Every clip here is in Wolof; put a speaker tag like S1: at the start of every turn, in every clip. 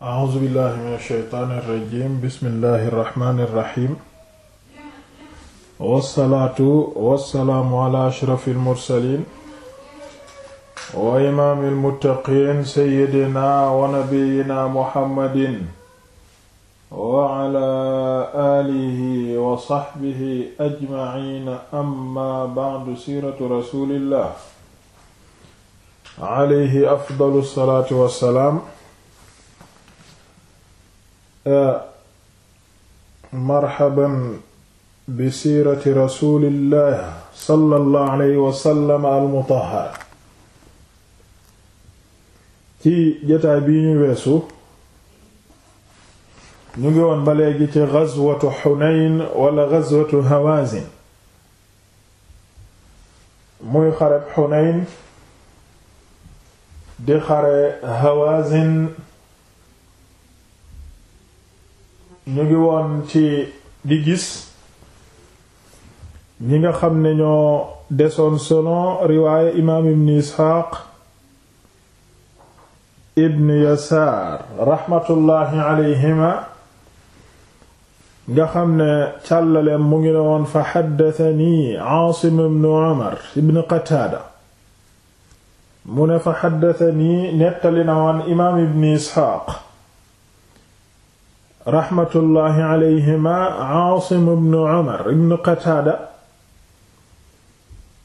S1: a'uuzu billahi min shaytaani rajiim bismillahi rahmaani rahiim wassalaatu wassalaamu ala ashrafil mursaliin wa imaamil muttaqiin sayyidinaa wa nabiyyinaa muhammadin wa ala aalihi wa sahbihi ajmaciina amma ba'du siiratu rasuulillah alayhi afdalu salaatu wassalaam marxaban bi siirati rasulillah sallallahu alayhi wa sallam al-mutahhara ci jotaay bii ñu weesu ñu ngi woon ba léegi ci gazwatu xunayn wala gazwatu hawazin muy xareb xunayn di xare hawazin ñu ngi woon ci di gis ñi nga xam ne ñoo desoon selon riwaaya imaam ibn isxaaq ibn yasaar raxmatullaahi alayhima nga xam ne càllaleem mu ngi ne woon fa xaddatani aasim ibn umar ibn qataada mu ne fa xaddatani nettali na woon imaam ibn isxaaq raxmatullahi alayhima Aasim ibn Umar ibn Qataada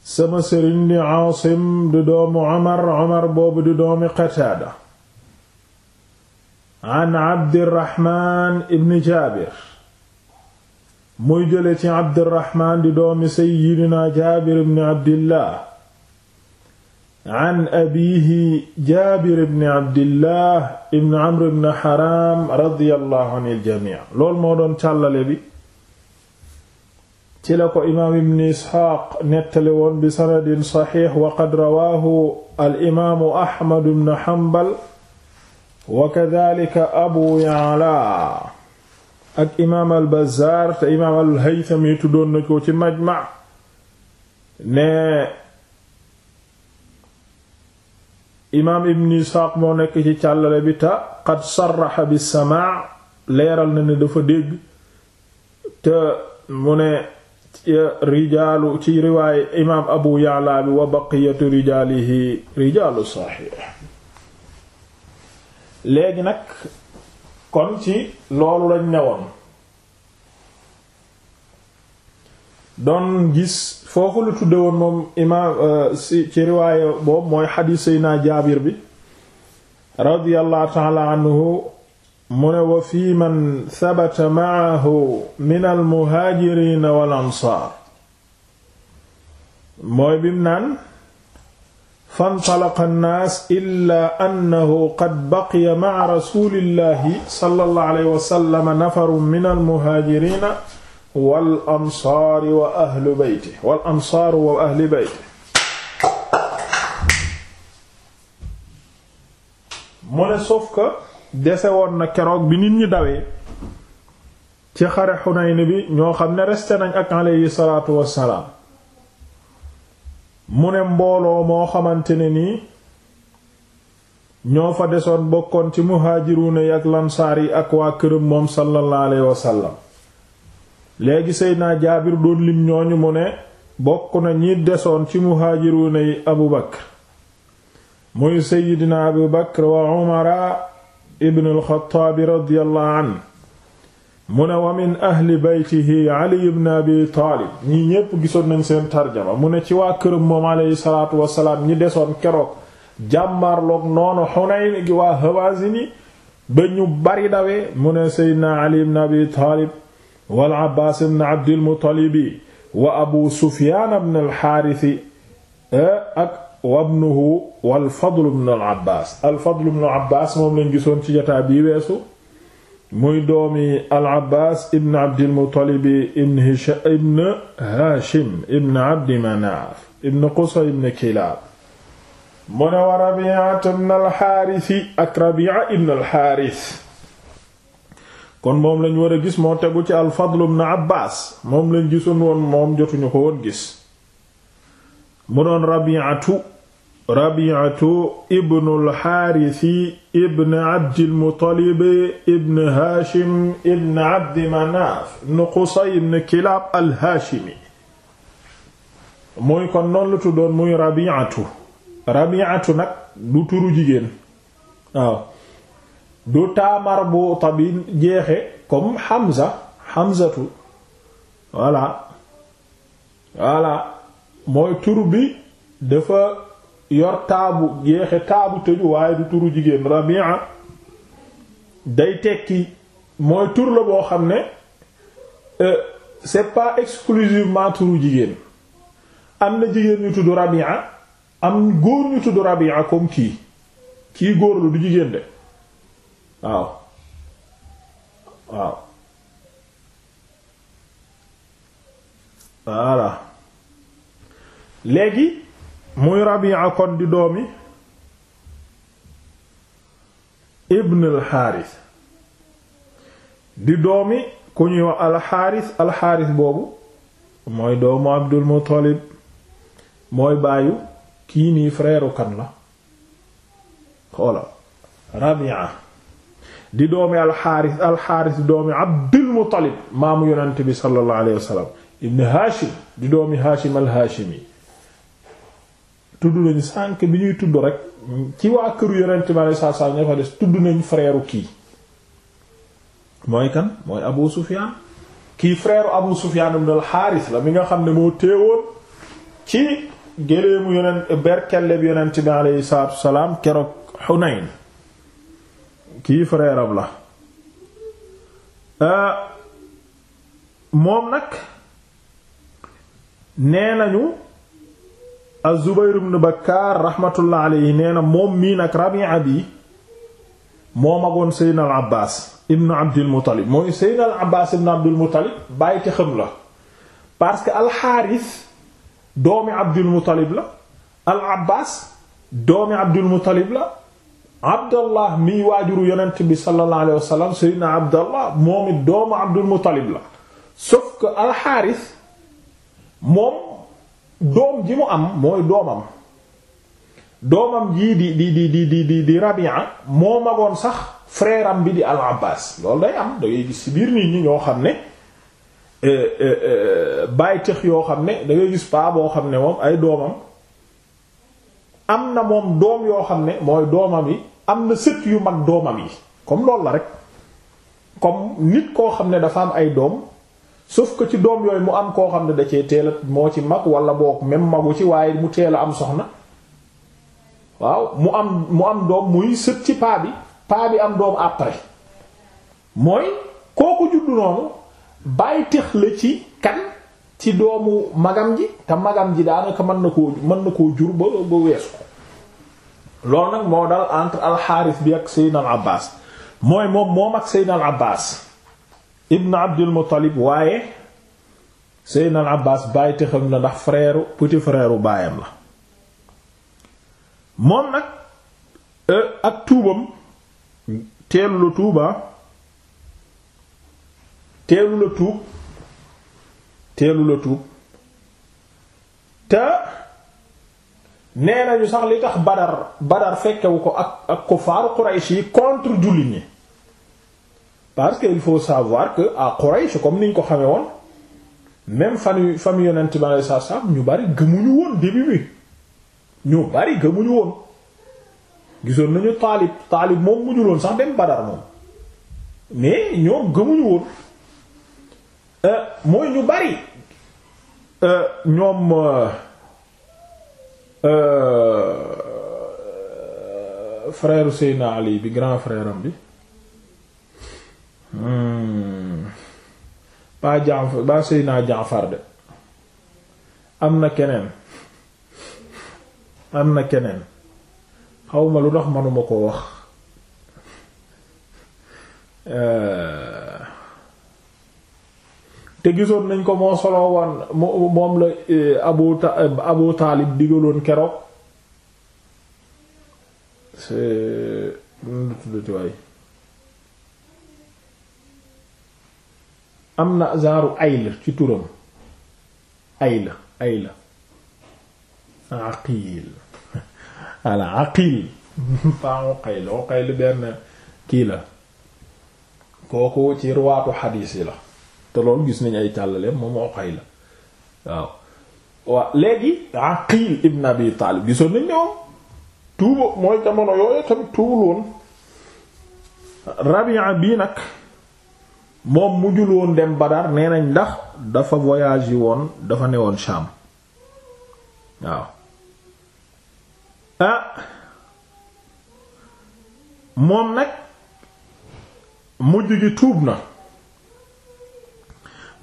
S1: sama sëriñ di Aasim di doomu Umar Umar boobu di doomi Qataada an Abdirraxmaan ibn Jaabir muy jële ci Abdirraxmaan di doomi Seydina Jaabir ibn Abdillah an abiihi jaabir ibn abdillah ibn amr ibn haram radiyallahu anil jamii loolu moo doon càllale bi ci la ko imaam ibn isxaaq nettali woon bi sanadin saxiix waqad rawaahu al imaamu ahmad ibn hanbal wa kadaalika abu ya'la ak imaam al bazaar te imaam al haythami tuddoon na ko ci majma ne imaam ibn isxaaq moo nekk ci càllale bi ta qad sarraxa bi samaa leeral na ne dafa dégg te mu ne rijaalu ci riwaay imaam abu ya'la wa baqiyatu rijaalihi rijaalu saxiix léegi nag kon ci loolu lañ newoon doon gis foofu la imaam euh, ci riwaaya boobu mooy xadiis Seydina Jaabir bi radiyallahu taala anhu mu wa fii man sabata maahu min almuhaajirina wal ansaar mooy bim naan fantalaqa annaas illa annahu qad baqiya ma'a rasulillahi sallallahu min almuhaajirina wal ansaari wa ahli bayti wal mu ne sauf que dese woon na keroog bi nit ñi dawee ci xare Xunayn bi ñoo xam ne resté nañ ak aleyhi salaatu wassalaam mu ne mbooloo moo xamante nii ñoo fa desoon bokkoon ci muhaajiruuna yi ak lansaar yi ak waa këram moom sallallahu alayhi wasallam léegi Seydina Jaabir doon lim ñooñu mu ne bokk na ñi desoon ci muhaajiruuna yi Abu Bakr muy Seydina Abu Bakr wa Umara ibn al radiyallahu anhu mu ne wa min ahli beytihi Ali ibn Abi Taalib ñii ñépp gisoon nañ seen tarjama mu ne ci waa këram moom aleyhi salaatu wasalaam ñi desoon keroog jàmmarloog noonu Xunayn gi waa Hawaazin yi ba ñu bari dawee mu ne Seydina Ali ibn Abi Taalib wal Abbaas ibn Abdil Muttalibi wa Abu Sufyaan ibn al-Haarisi eh, ak wabnuhu wal Fadl ibn al-Abbaas al Fadl ibn al-Abbaas moom lañ gisoon ci jotaay bii weesu muy doomi al-Abbaas ibn Abdil Muttalibi ibn Hishaam ibn Haashim ibn Abdi Manaaf ibn Qusay ibn Kilaab mu ne wa Rabii'a ibn al-Haarisi ak Rabii'a ibn al-Haaris kon moom lañ war a gis moo tegu ci al-Fadl ibn Abbaas moom lañ gisoon woon moom jotuñu ko woon gis mu doon Rabi'atu Rabi'atu ibnu al-Haarisi ibn Abdil Muttalib ibn Haashim ibn Abdi Manaaf ibn ibn Kilaab al-Haashimi mooy kon noonu la muy Rabi'atu Rabi'atu nag du turu jigéen waaw du taamar bu tabi jeexe comme Hamza Hamzatu voilà voilà mooy turu bi dafa yor taabu jeexe taabu tëju waaye du turu jigéen Rabia day tekki mooy tur la boo xam ne euh, c'est pas exclusivement turu jigéen am na jigéen ñu tudd Rabia am góor ñu tudd Rabia comme kii kii góor la du jigéen de waaw waaw voilà léegi muy Rabi'a kon di doomi ibn al di doomi ku ñuy wax al-Harith boobu mooy doomu Abdul Muttalib mooy baayu kii nii frère kan la xoola Rabi'a di doomi alxaaris alxaaris di doomi abdul muttalib maamu yonent bi sallallahu alayhi wasallam haashim di doomi haashim alhaashimi tudd nañu sànk bi ñuy tudd rek ci waa këru yonent bi alayhi wasallam ña fa des tudd nañu frère kii mooy kan mooy abu sufiyaan kii frère abu sufiyaan ibn alxaaris la mi nga xam ne moo teewoon ci géléemu yonent berkelle bi yonent bi alayhi salaatu wasalaam keroog xunayn kii frère am la euh, moom nag nee nañu az-Zubayr ibn Bakkaar rahmatullah alayhi nee na moom mii nag Rabi'a bi moo magoon Seydina al Abbaas ibn Abdul Muttalib mooy Seydina al Abbaas ibn Abdul Muttalib bàyyi ci la parce que alxaaris doomi Abdul Muttalib la al Abbaas doomi Abdul Muttalib la abdallah miy waajuru yonent bi sallallahu alayhi wasallam seydina abdallah moom it doomu abdul muttalib la sauf que alxaaris moom doom ji mu am mooy doomam doomam jii di di di di di di rabia moo magoon sax frère bi di al abbas loolu day am da ngay gis ci biir nit ñi ñoo xam ne euh, euh, euh, bàyyi tëx yoo xam ne dangay gis paa boo xam ne moom ay doomam am na moom doom yoo xam ne mooy doomam yi am na sët yu mag doomam yi comme loolu la rek comme nit koo xam ne dafa am ay doom sauf ko ci doom yooyu mu am koo xam ne da cee teel moo ci mag wala boog même magu ci waaye mu teel am soxna waaw mu am mu am doom muy sët ci paa bi paa bi am doom après mooy kooku juddu noonu bàyyi tex la ci kan ci doomu magam ji te magam ji daanaka mën na koo mën na koo jur ba ba weesu ko loolu nag moo dal entre alxaaris bi ak seydna al abbas mooy moom moom ak seydna al abbas ibn abdul muttalib waaye seydna al abbas bàyyi texam na ndax frère petit frère baayam la moom nag euh, ak tuubam teelu la tuuba teelu la tuub teelu la tuub te nee nañu sax li tax Badar Badar fekkewu ko ak ak kuffaaru Quraysh yi contre jullit ñi parce que il faut savoir que à Quraysh comme niñ ko xamee woon même famille famille yonent bi alayhi salaam ñu bari gëmuñu woon début bi ñu bari gëmuñu woon gisoon nañu Taalib Taalib moom mujjuloon sax dem Badar moom mais ñoom gëmuñu woon Euh, mooy ñu bari euh, ñoom euh, frère Seyna Ali bi grand frère am bi ba Jaafar ba Seyna Jaafar de am na keneen am na keneen xawma lu tax manuma ko wax te gisoon nañ ko moo solo woon moom la eh, eh, abu taalib digaloon keroog c'est am na zaaru ayl ci turam ayl ayl aqiil ala aqiil paa uqayl uqayl benn kii la kooku ci ruwaatu xadiis yi la te loolu gis nañ ay càllaleem moom Uqayla waaw waaw léegi Aqil ibn Abi Taalib gisoon nañ ñoom tuuba mooy jamono yooyu tamit tuubul woon Rabi'a bii nag moom mujjul woon dem Badar nee nañ ndax dafa voyage yi woon dafa newoon Sham waaw ah moom nag mujj gi tuub na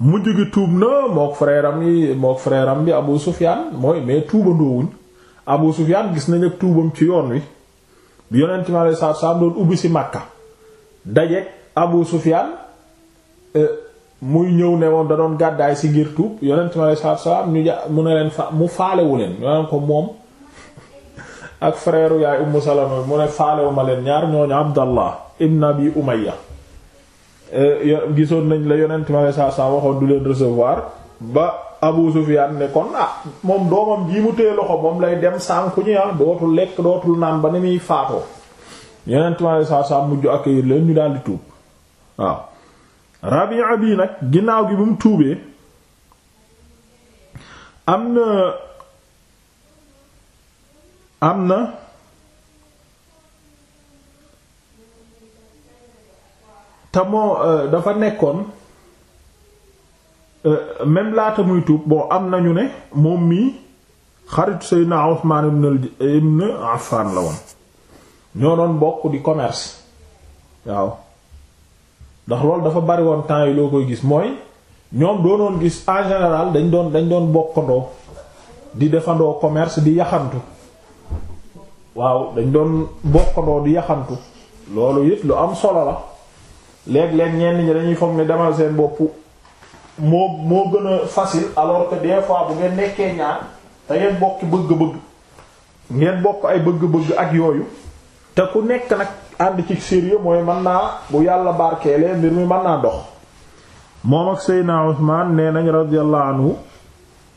S1: mujj gi tuub na mook frère yi mook frère bi Abu Sufyan mooy mais tuubandoowuñ Abu Sufyan gis nañ ak tuubam ci yoon wi bi yonent mi alayhi salaatu salaam doon ubbi si Makka dajeek Abu Sufyan euh, muy ñëw ne moom da doon gàddaay si ngir tuub yonent mi alayhi salaatu salaam ñu ja mu ne leen fa mu faalewu leen ñu ne ko moom ak frère yaay Ummu Salama mu ne faalewu ma leen ñaar ñooñu Abdallah ibn Abi Umayya Eh, gisoon nañ la yonent ma saa saa waxoon du leen recevoir ba Abu Sufyaan ne kon ah moom doomam jii mu téye loxo moom lay dem sànku ñi ah dootul lekk dootul naan ba ni muy faatoo yonent ma saa saa mujj accueillir leen ñu daldi tuub waaw Rabi'a bii nag ginnaaw gi bu mu tuubee am na am na te moo euh, dafa nekkoon euh, même laata muy tuub bon am nañu ne moom mii xaritu Seydina Usmaan ibn Affaan la woon ñoo doon bokk di commerce waaw ndax loolu dafa bari woon temps yi loo koy gis mooy ñoom doonoon gis en général dañ doon dañ doon bokkandoo di defandoo commerce di yaxantu waaw dañ doon bokkandoo di yaxantu loolu it lu am solo la léeg-léeg ñenn ñi dañuy foog ne demal seen bopp moo moo gën a facile alors que des fois bu ngeen nekkee ñaar da bokki bëgg-bëgg ngeen bokk ay bëgg-bëgg ak yooyu te ku nekk nag ànd ci sérieux mooy mën naa bu yàlla barkeelee mbir mi mën naa dox moom ak Seydina Usmaan nee nañ radiyallahu anhu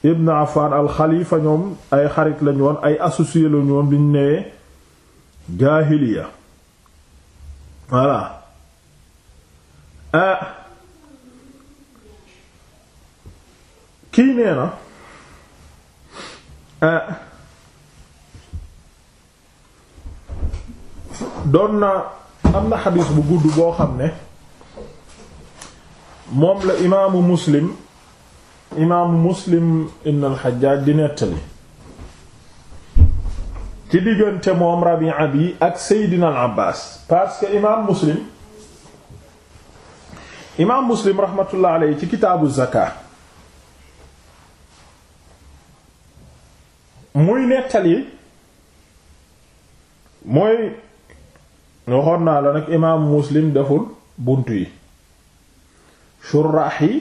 S1: ibn Affan al-Khalifa ñoom ay xarit lañu woon ay associé lañu woon bi ñu nee jaahiliya voilà Ah. kii nee na ah. doon na am na xadiis bu gudd boo xam ne moom la imaamu muslim imaamu muslim ibn al-Hajjaj di nettali ci diggante moom Rabi'a bi ak Seydina al-Abbas parce que imaam muslim imaam muslim rahmatullah alayhi ci kitaabu zakat muy nettali mooy waxoon naa la nag imaam muslim deful bunt yi shurraax yi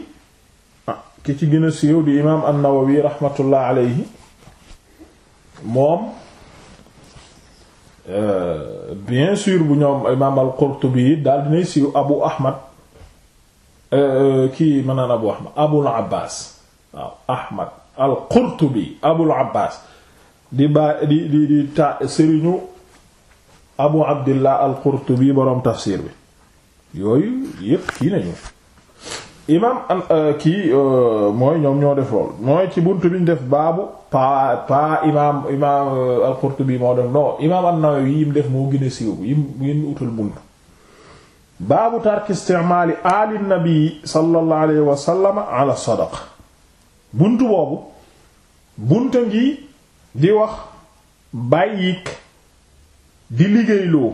S1: ah, ki ci gën a siiw di imaam an-Nawawi rahmatullah moom euh, bien sûr bu ñoom imaam al-Qurtubi daal dinay siiw Abu Ahmad Eh, eh, kii mën naan abu ahmad abul abbas waaw ahmad al qurtubi abul abbas di ba di di di ta sëriñu abu abdillah al qurtubi boroom tafsir bi yooyu yépp kii nañu imam an eh, kii mooy ñoom ñoo def lool mooy ci bunt bi ñu def baabu pa pa imam imam al qurtubi moo def non imam an-nawawi yim def moo gën a siiw yim ngeen utal buntu baabu tark istimaali aali nabi sallallahu alayhi wa sallam ala sadaqa bunt boobu bunta ngi di wax bàyyik di liggéeyloo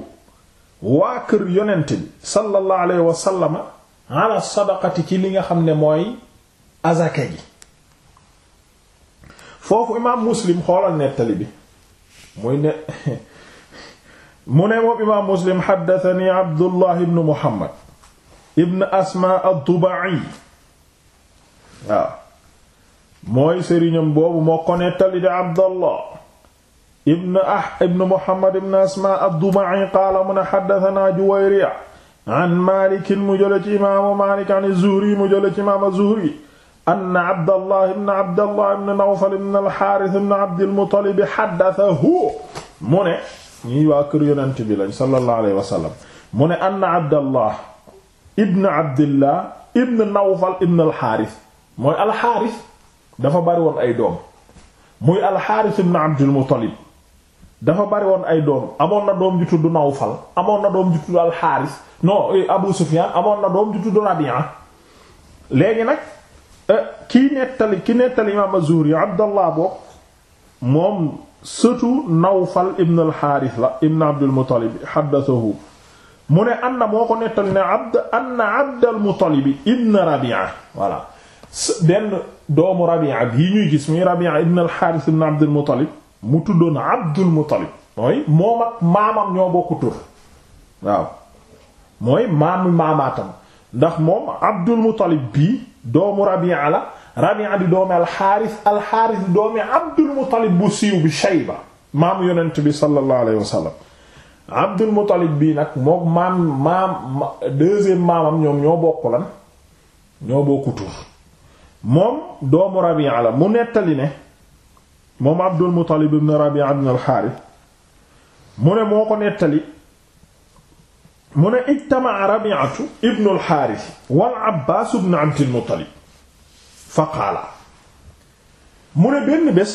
S1: waa kër yonent bi sallallahu alayhi wa ala sadaqati ci li nga xam ne mooy azaka ji foofu imaam muslim xoolal nettali bi muy ne mu ne moom imaam muslim xaddatani abdullah ibnu muhammad ibn asma ad-dubai waaw mooy sëriñam boobu moo ko nettali di abdullah ibn ah ibn muhammad ibn asma ad-dubai qaala mu ne xaddatana juwayriya an maalikin mu jële ci imaamu maalik an zuhri mu jële ci imaam az-zuhri anna abdullah ibn abdullah ibn nawfal ibn al-xaaris ibn abdil muttalib xaddatahu mu ne ñii waa kër yonent bi lañ sallallahu alayhi wa sallam mu ne anna abdallah ibn abdillah ibn nawfal ibn alxaaris mooy alxaaris dafa bari woon ay doom muy alxaaris ibn abdulmuttalib dafa bari woon ay doom amoon na doom ju tudd nawfal amoon na doom ju tudd alxaaris non eh, abu sufyan amoon na doom ju tudd rabi'a léegi nag eh, kii nettali ki nettali imaam az-zuhri abdallah boobu moom sëtu Nawfal ibn al-Harith la ibn Abdul Muttalib haddathahu mu ne anna moo ko nettal ne abd anna Abdul Muttalib ibn Rabi'a voilà benn doomu Rabi'a bii ñuy gis muy Rabi'a ibn al-Harith ibn Abdul Muttalib mu tuddoon Abdul Muttalib mooy moom ak maamam ñoo bokk tur waaw mooy maamu maamaatam ndax moom Abdul Muttalib bii doomu Rabi'a la Rabi'a di doomi alxaaris doomi Abdul bu siiw bi Shayba maamu yonent bi sallallahu alayhi wa sallam Abdul nag mook maam maamam ñoom ñoo bokk lan ñoo bokku tur moom doomu Rabi'a la mu nettali ne moom Abdul Muttalib ibn Rabi'a alxaaris mu ne moo ko nettali mu ne ijtama Rabi'atu ibn alxaaris wal Abbaas ibn Abdul faqaala mu ne benn bés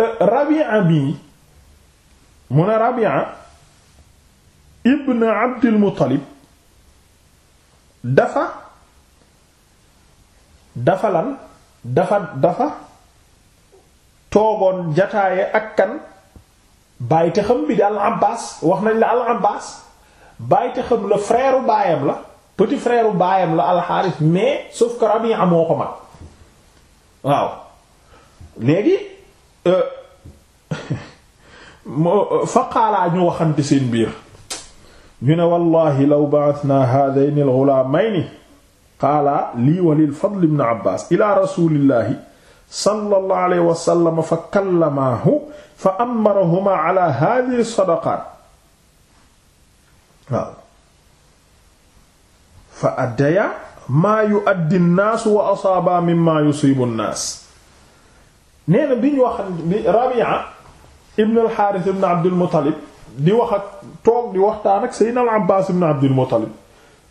S1: euh, rabia bi mu ne rabia ibn abdil dafa dafa lan dafa dafa toogoon jataaye ak kan bàyyite xam bi di al abbaas wax nañ la al abbaas bàyyite xam la frère baayam la petit frère baayam la alxaaris mais sauf que Rabi'a moo ko mag waaw euh, euh, waxante seen biir ñu ne wallahi law ba'athna haadayni al-ghulaamayni qaala wa lil Fadl ibn Abbaas ila rasuulillahi sallallahu alayhi wa sallam fa kallamaahu fa amarahumaa ala haadihi as fa addaya maa yu addi nnaas wa asaaba mimma yusibu nnaas nee na bi ñu wax bi Rabia ibn al-Harith ibn Abdul di wax ak di waxtaan ak Seydina al Muttalib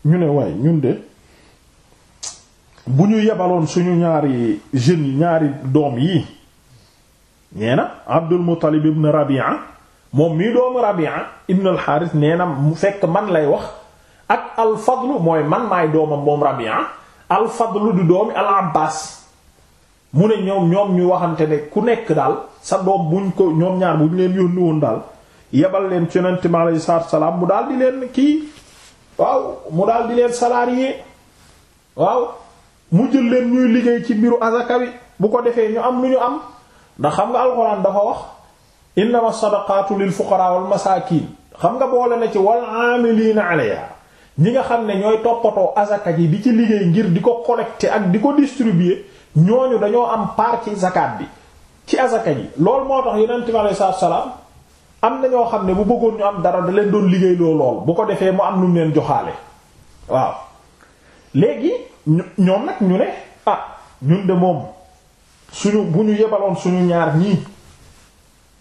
S1: ñu ne waaye ñun de bu ñu yebaloon suñu ñaari jeunes yi ñaari doom yi nee na Abdul Muttalib ibn Rabia moom mii doomu Rabia ibn al-Harith nee fekk man lay wax ak alfadlu mooy man maay doomam moom Rabi'a alfadlu di doomi al-Abbaas mu ne ñoom ñoom ñu waxante ne ku nekk daal sa doom buñ ko ñoom ñaar buñ leen yónni woon daal yebal leen ci yonent mi mu daal di leen kii waaw mu di leen salarié waaw mu jël leen ñuy liggéey ci mbiru azaka bi bu ko defee ñu am lu ñu am ndax xam nga alxuraan dafa wax innama sadaqaatu lil fuqaraa wal masaakiin xam nga boole na ci wal aamiliina alayha ñi nga xam ne ñooy toppatoo azaka ji bi ci liggéey ngir di ko collecter ak di ko distribuer ñooñu dañoo am part ci zakat bi ci azaka ji loolu moo tax yonent bi alayhi salaatu am na ñoo xam ne bu bëggoon ñu am dara da leen doon liggéey loo lool bu ko defee mu am lu mu joxaale waaw léegi ñoom nag ñu ne ah ñun de moom suñu bu ñu yebaloon suñu ñaar ñii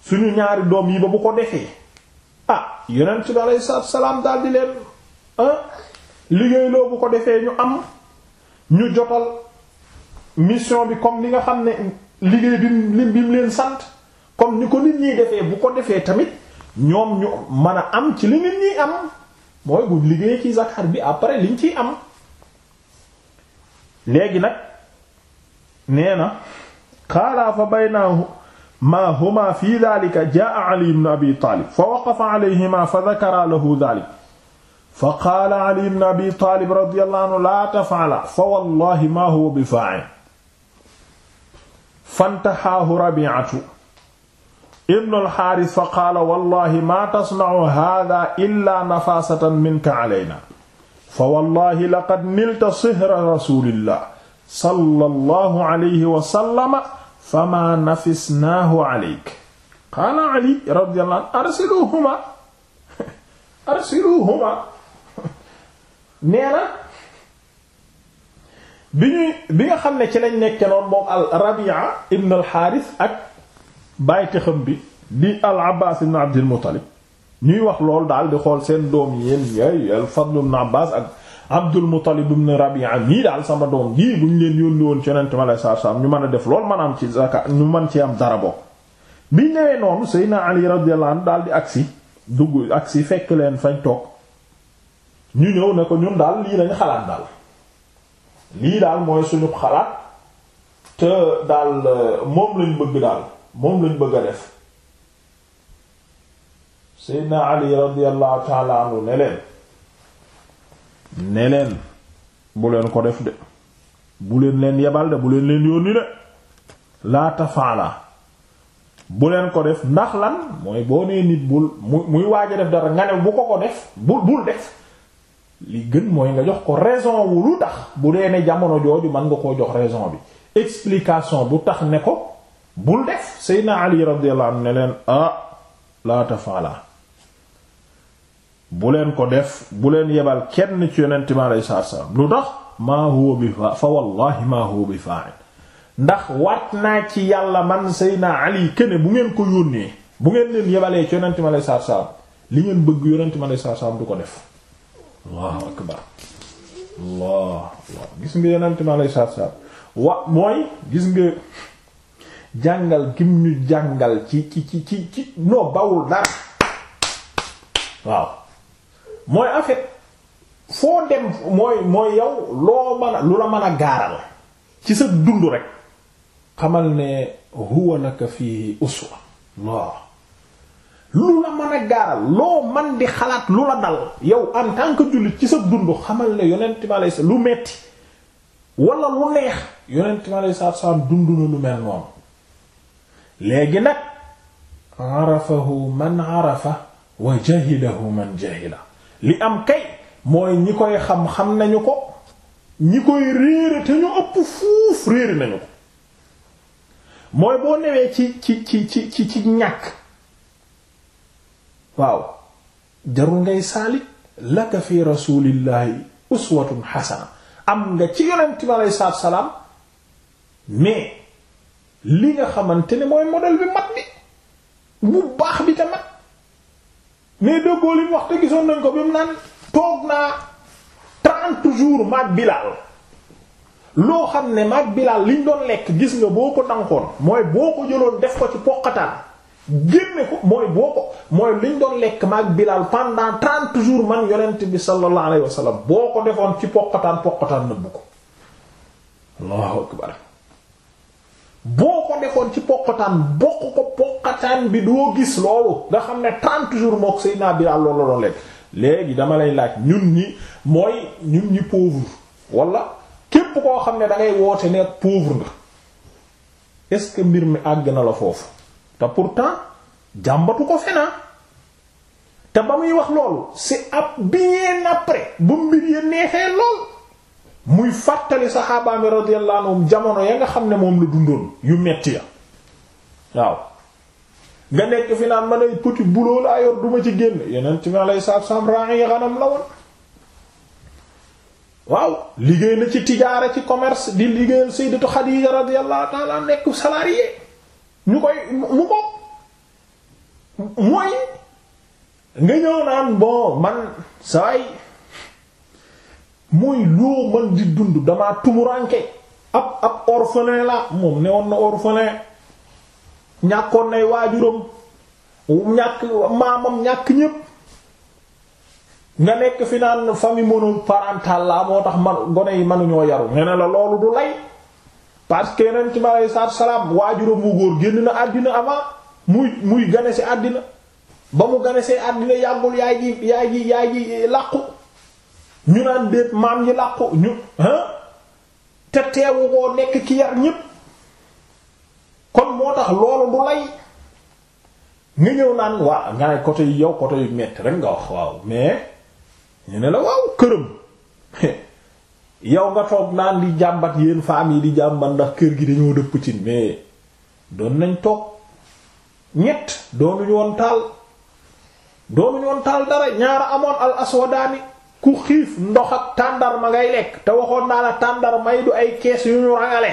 S1: suñu ñaari doom yi ba bu ko defee a ah, yonent bi alayhi salaatu salaam daal di leen. Ah, liggéey loo bu ko defee ñu am ñu jotal mission bi comme li nga xam ne liggéey bi lim bi leen sant comme ni ko nit ñiy defee bu ko defee tamit ñoom ñu mën a am ci li nit ñiy am mooy buñ liggéey ci zakar bi après liñ ci am léegi nag nee na xaalaa fa baynahu ma huma fi dhalika jaa ali ibn abi talib fa waqafa alayhima fa dhakara lahu dhalik fa qaala ali ibn abi taalib radiyallahu anhu laa taf'ala fa wallahi ma huwa bi faa'il fantaxaahu rabi'atu ibn al-haaris fa qaala wallahi ma tasna'u haadha illa nafaasatan minka alaynaa fa wallahi laqad nilta sihra rasulillah sallallahu alayhi wa sallama fama nafisnaahu alayk qaala ali radiyallahu anhu arsiluhuma arsiluhuma nee na bi ñuy bi nga xam ne ci lañ nekke noon moom al Rabi'a ibn al ak bàyyite xam bi di al Abbas ibn Abdul Muttalib ñuy wax lool daal di xool seen doom yéen yay al Fadl ibn Abbas ak Abdul Muttalib ibn Rabi'a sama doom gii buñ leen yónni woon ci Yonent mi sallallahu alayhi wasallam ñu mën a def lool man am ci zakat ñu mën ci am dara bokk biñ newee noonu Seydina Ali radiyallahu anhu daal di agsi dugg agsi fekk leen fañ toog ñu ñëw ne ko ñun daal lii lañ xalaat daal lii daal mooy suñu xalaat te daal euh, moom lañ bëgg daal moom lañ bëgg a def Seydina Ali radiyallahu ta'ala anhu ne bu leen ko def de bu leen leen yebal de bu leen leen yónni de laa tafaala bu leen ko def ndax lan mooy boo nee nit bul muy muy waaj def dara nga ne bu ko ko def bul bul def li gën mooy nga jox ko raison wu lu tax bu dee ne jamono jooju mën nga koo jox raison bi explication bu tax ne ko bul def Seydina Ali radiyallahu anhu ne leen ah laa tafala bu leen ko def bu leen yebal kenn ci yonent mi alayhi salaam lu tax maa huwa bi fa fa wallahi maa huwa bi fa'il ndax waat naa ci yàlla man Seydina Ali kene bu ngeen ko yónnee bu ngeen leen yebalee ci yonent mi alayhi salaam li ngeen bëgg yonent mi alayhi salaam du ko def allahu akbar allah allah gis nga yonent mi alayhi salaatu salaam wa mooy gis nga jàngal gim ñu jàngal ci ci ci ci ci dara waaw mooy en foo dem mooy mooy yow loo mën a lu la mën a gaaral ci sa dund rek xamal ne huwa laka fii uswa waaw lu la mën a gaaral loo man di xalaat lu la dal yow en tant que jullit ci sa dund xamal ne yonent sa lu metti wala lu neex yonent bi alayhi salaatu salaam dund na lu mel noonu léegi nag arafahu man arafa wa jahidahu man jahila li am kay mooy ñi koy xam xam nañu ko ñi koy réere te ñu ëpp fuuf réere nañu ko mooy boo newee ci ci ci ci ci ci ñàkk waaw jarul ngay saalik laka fi rasulillahi uswatun xasana am nga ci yonent bi aleyhi salaatu salaam mais li nga xamante ne mooy modèle bi mat bi bu baax bi te mat mais dëggoo li mu wax te gisoon nañ ko bi mu naan toog naa trente jour maag Bilaal loo xam ne maag Bilaal liñ doon lekk gis nga boo ko dankoon mooy boo ko jëloon def ko ci poqataan génne ko mooy boo ko mooy liñ doon lekk maag Bilaal pendant trente jours man yonent bi sallallahu alayhi boo ko defoon ci poqataan poqataan nëbbu ko allahu akbar boo ko defoon ci poqataan bokk ko poqataan bi doo gis loolu nga xam ne trente jours moo ko Seydina Bilaal loolu la doon lekk léegi dama lay laaj ñun ñi mooy ñun ñi pauvre wala képp koo xam ne dangay woote ne pauvre nga est mbir mi àgg na la foofu te pourtant jàmbatu ko fena te ba muy wax loolu si ab bien après bu mbir ya neexee lool muy fàttali saxaaba mi radiyallahu jamono ya nga xam ne moom la dundoon yu metti ya waaw nga nekk fi naan man ay petit boulot laa duma ci génn yeneen ci ma lay saab saab ra'i ghanam la woon waaw liggéey na ci tijaara ci commerce di liggéeyal sayyidatu Xadiija radiyallahu ta'ala nekk salarié ñu koy mu ko mooy nga ñëw naan bon man saay mooy loo man di dund damaa tumuraanke ab ab orphelin la moom ne woon na orphelin ñàkkoon nay waajuram ñàkk maamam ñàkk ñépp nga nekk fi naan famille monoparentale la moo tax man gone yi mënuñoo yaru nee na la loolu du lay parce que yonent bi aleyhi salaam waajuram mu góor génn na àddina avant muy muy gane àddina ba mu gane see àddina yàggul yaay ji yaay ji yaay ji làqu ñu naan déet maam yi làqu ñu te teewu koo nekk ci yar ñépp kon moo tax loolu du lay nga ñëw naan waa nga ne côté yi yow côté yu metti rek nga wax waaw mais ñu ne la waaw këram yow nga toog naan di jàmbat yéen femmes yi di jàmbat ndax kër gi dañoo dëpp ci mais doon nañ toog ñett doonuñu woon taal doonuñu woon taal dara ñaara amoon al aswadaani ku xiif ndox ak tàndarma ngay lekk te waxoon naa la tàndarma yi du ay kees yu ñu rangale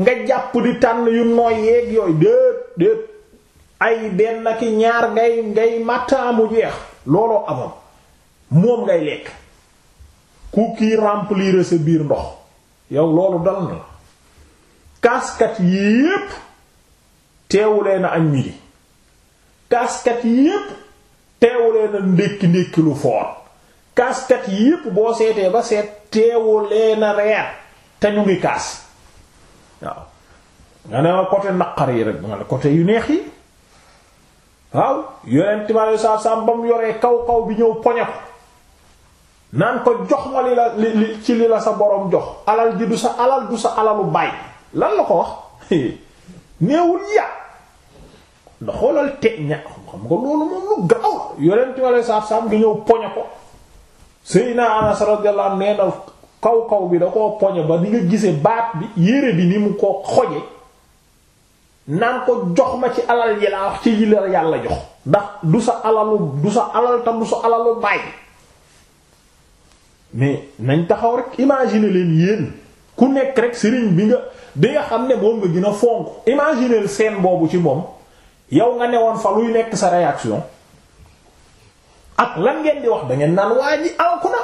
S1: nga jàpp di tànn yu nooy yeeg yooyu déet déet ay benn ki ñaar ngay ngay màtt amu jeex looloo amoon moom ngay lekk ku kii sa biir ndox yow loolu dal na la kaaskat yépp teewulee na añ midi kaaskat yépp teewulee na ndékki ndékki lu foor kaaskat yépp boo seetee ba seet teewulee na reer te ñu ngi kaas waaw nga ne ma côté naqar yi rek nga ne côté yu neex yi waaw yonent bi aleyhi salaatu salaam mu yoree kaw kaw bi ñëw poñe naan ko jox ma li la li ci li la sa borom jox alal ji du sa alal du sa alalu baay lan la ko wax néewul ya da xoolal te ña xam nga loolu moom lu gaaw yonent wala ñëw poñe ko Seydina Anas radiyallahu anhu nee na kaw kaw bi da poñe ba di gisee baat bi yére bi ni mu ko xoje naan ko jox ma ci alal yi laa wax ci yi la yàlla jox ndax du sa alalu du sa alal tam du sa alalu mais nañ taxaw rek imaginer leen yéen ku nekk rek sëriñ bi nga bi nga xam ne moom nga gën a fonk imaginer seen boobu ci moom yow nga ne woon fa luy nekk sa réaction ak lan ngeen di wax da ngeen naan waa ji anku na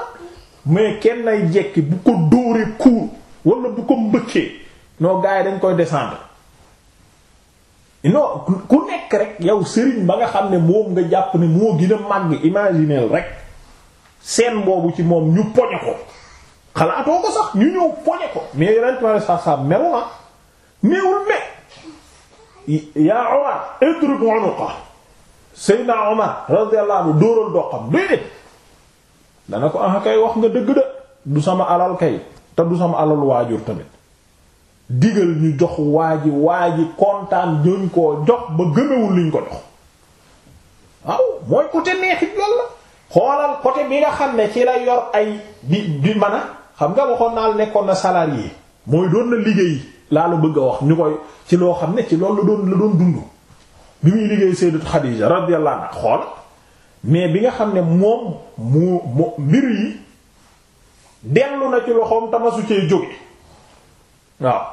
S1: mais kenn nay jekki bu ko dóoree kuur wala bu ko mbëkkee noo gars yi dañ koy descendre non ku nekk rek yow sëriñ ba nga xam ne moom nga jàpp ne moo gën a màgg imaginer rek seen boobu ci moom ñu poñe ko xalaatoo ko sax ñu ñëw poñe ko mais yonent ma ne sax sax meru na néewul ne yaa Umar idrib unuqa Seydina Umar radiyallahu anhu dóoral doqam duy dana ko ah kay wax nga dëgg da du sama alal kay te du sama alal waajur tamit digal ñu jox waa ji kontaan duñ koo jox ba gëmewul liñ ko jox waaw mooy côté neexit lool la xoolal côté bi nga xam ne ci la yor ay di di mën a xam nga waxoon naa nekkoon na salarié mooy doon na liggéey laa la bëgg a wax ñu koy ci loo xam ne ci loolu la doon la doon dund bi muy liggéey Sayyidatu Xadiija radiyallahu anha xool mais bi nga xam ne moom moo yi dellu na ci loxoom tamasu cee jóge waaw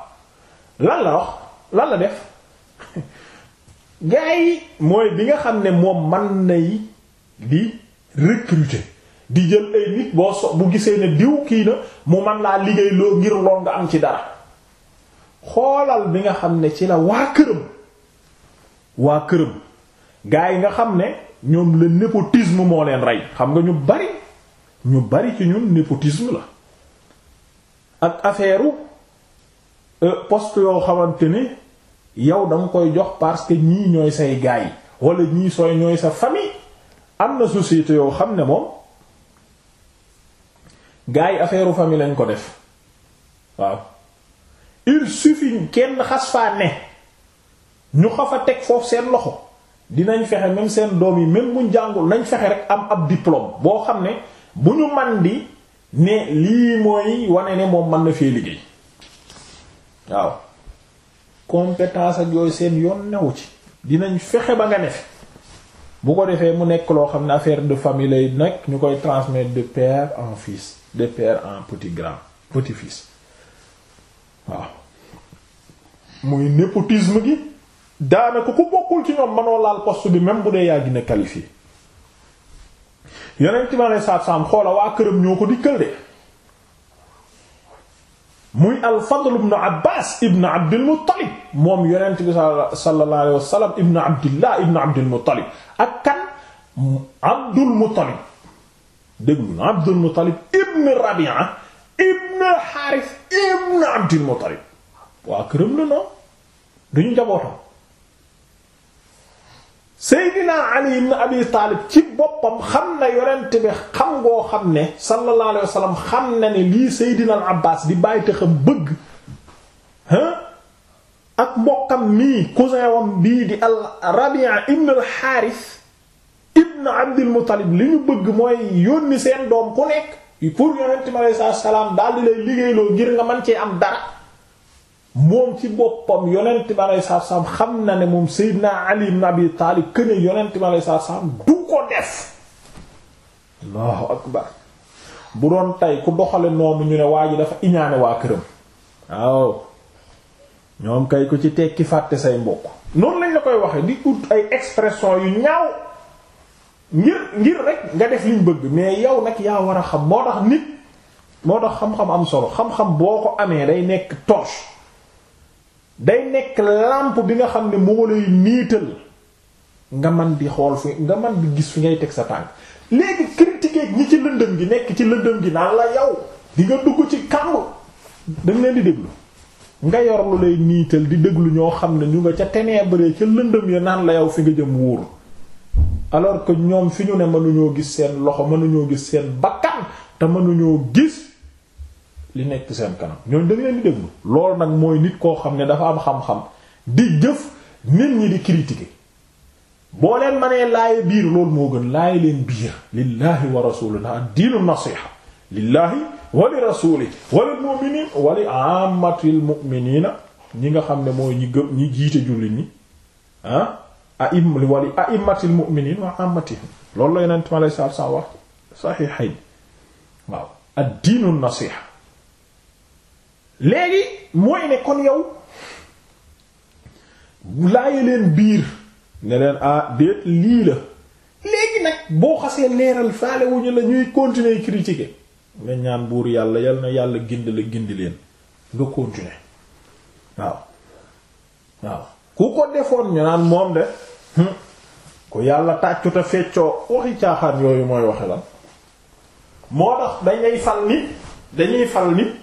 S1: lan def gaa bi nga xam ne moom mën nay di recruter di jël ay nit boo so bu gisee ne diw kii na mu man laa liggéey loo ngir lool nga am ci dara xoolal bi nga xam ne ci la waa këram waa këram gaa yi nga xam ne ñoom la népotisme moo leen rey xam nga ñu bari ñu bari ci ñun népotisme la ak affaire euh, poste yoo xamante ni yow danga koy jox parce que ñii ñooy say gaa yi wala ñii sooy ñooy sa famille am na société yoo xam ne moom gars yi affaire famille lañ ko def waaw il suffit kenn xas faa ne ñu xa fa teg foofu seen loxo dinañ fexe même seen doom yi même buñ jàngul nañ fexe rek am ab diplôme boo xam ne bu ñu man di ne lii mooy wane ne moom mën na fee liggéey waaw compétence ak yooyu seen yoon newu ci dinañ fexe ba nga ne fi bu ko defee mu nekk loo xam ne affaire de famille yi nekk ñu koy transmettre de père en fils de père en petit grand petit fils waaw muy népotisme gi daanaka ku bokkul ci ñoom mënoo laal poste bi même bu dee yaa gën a qualifié yeneen ci ma ne saab saam xoola waa këram ñoo ko dikkal de muy al-Fadl ibn Abbas ibn Abdul Muttalib moom yonent bi sallallahu alayhi wa sallam ibn Abdillah ibn Abdul Muttalib ak kan Abdul Muttalib déglu na Abdul Muttalib ibn Rabi'a ibn Harith ibn Abdul Muttalib waa këram la noonu duñu jabootam Seydina Ali ibn Abi Taalib ci boppam xam na yonent bi xam ngoo xam ne sallallahu alayhi xam na ni lii Seydina Abbaas di bàyyi te xam bëgg ak mbokkam mii cousin wam bii di al Rabi'a ibn al Haaris ibn Abdul Muttalib li ñu bëgg mooy yónni seen doom ku nekk pour yonent bi alayhi salaam daal di lay liggéeyloo ngir nga man cee am dara moom ci boppam yonent bi aleyhi salaatu salaam xam na ne moom Seydina Ali ibn Abi Taalib këne yonent bi aleyhi salaatu salaam du ko def Allahu akbar bu doon tey ku doxale noonu ñu ne waa dafa iñaane waa këram waaw ñoom kay ko ci tekki fàtte say mbokk noonu lañ la koy waxee di ut ay expression yu ñaaw ngir ngir rek nga def liñ bëgg mais yow nag yaa war a xam moo tax nit moo tax xam-xam am solo xam-xam boo ko amee day nekk torche day nekk làmp bi nga xam ne moo lay niital nga man di xool fi nga man bi gis fi ngay teg sa tànk léegi critiquer ñi ci lëndëm gi nekk ci lëndëm gi naan la yow di dugg ci kàmb dañ leen di déglu nga yor lu lay niital di déglu ñoo xam ne ñu nga ca ténèbres ca lëndëm ya naan la yow fi nga jëm wóor alors ko ñoom fi ñu ne mënuñoo gis seen loxo mënuñoo gis seen bakkan te mënuñoo gis li nekk seen kanam ñooñ dañ leen di déglu loolu nag mooy nit koo xam ne dafa am xam-xam di jëf nit ñi di critiquer boo leen mënee laaye biir loolu moo gën laaye leen biir lillahi wa rasuli ndax diinu nasiha lillahi wa li rasuli wa lil mu'minin wa li ñi nga xam ne mooy ñi gëm ñi jiite jullit ñi ah aim li wali aimmatil mu'minin wa ammatihim loolu la yonent mi aleyhi salaatu salaam wax saxiixayn waaw ad diinu léegi mooy ne kon yow laaye leen biir ne leen ah déet lii la léegi nag boo xasee leeral faale la ñuy continuer critiquer nga ñaan buur yàlla yal na yàlla gind la gindi leen nga continuer waaw waaw ku ko defoon ñu naan moom de hmm, ku yàlla tàccu te feccoo waxi caaxaan yooyu mooy waxe la moo tax dañuy fal nit dañuy fal nit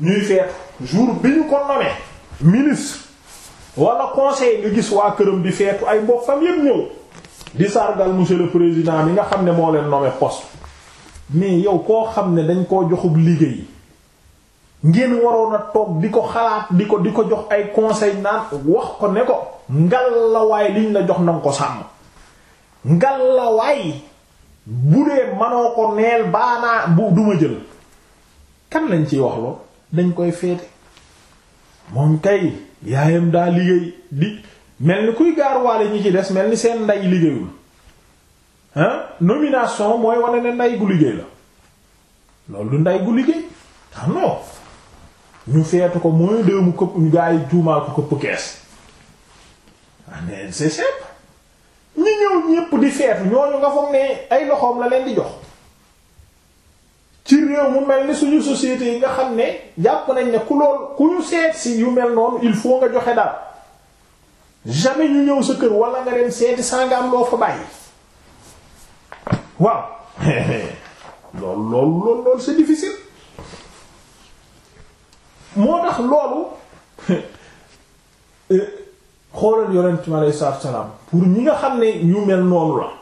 S1: ñuy feetu jour bi ñu ko nommé ministre wala conseil nga gis waa këram di feetu ay mbokkam yépp ñëw di sargal monsieur le président bi nga xam ne moo leen nommé poste mais yow koo xam ne dañ koo joxub liggéey ngeen waroon a toog di ko xalaat di ko di ko jox ay conseil naan wax ko ne ko ngalawaay liñ la jox nanga ko sàmm ngalawaay bu dee manoo ko neel baanaa bu duma jël kan lañ ciy wax lool dañ koy feete moom kay yaayam daa liggéey di mel ni kuy gaarwaale ñi ci des mel ni seen nday liggéeyul hein nomination mooy wane ne nday gu liggéey la loolu du nday gu liggéey ah non ñu feetu ko mooy déw mu këpp ñu gaa ko këpp kees aneen ah c'est simple ñi ñëw ñépp di feetu ñooñu nga foog ne ay loxoom la leen di jox ci réew mu mel ni suñu société yi nga xam ne jàpp nañ ne ku lool ku ñu seet si yu mel noonu il faut nga joxe daal jamais ñu ñëw sa kër wala nga dem seeti saa nga am loo fa bàyyi waaw loolu loolu loolu loolu c'est moo tax loolu euh, xoolal yonent mi aleyhi pour ñi nga xam ne ñu mel noonu la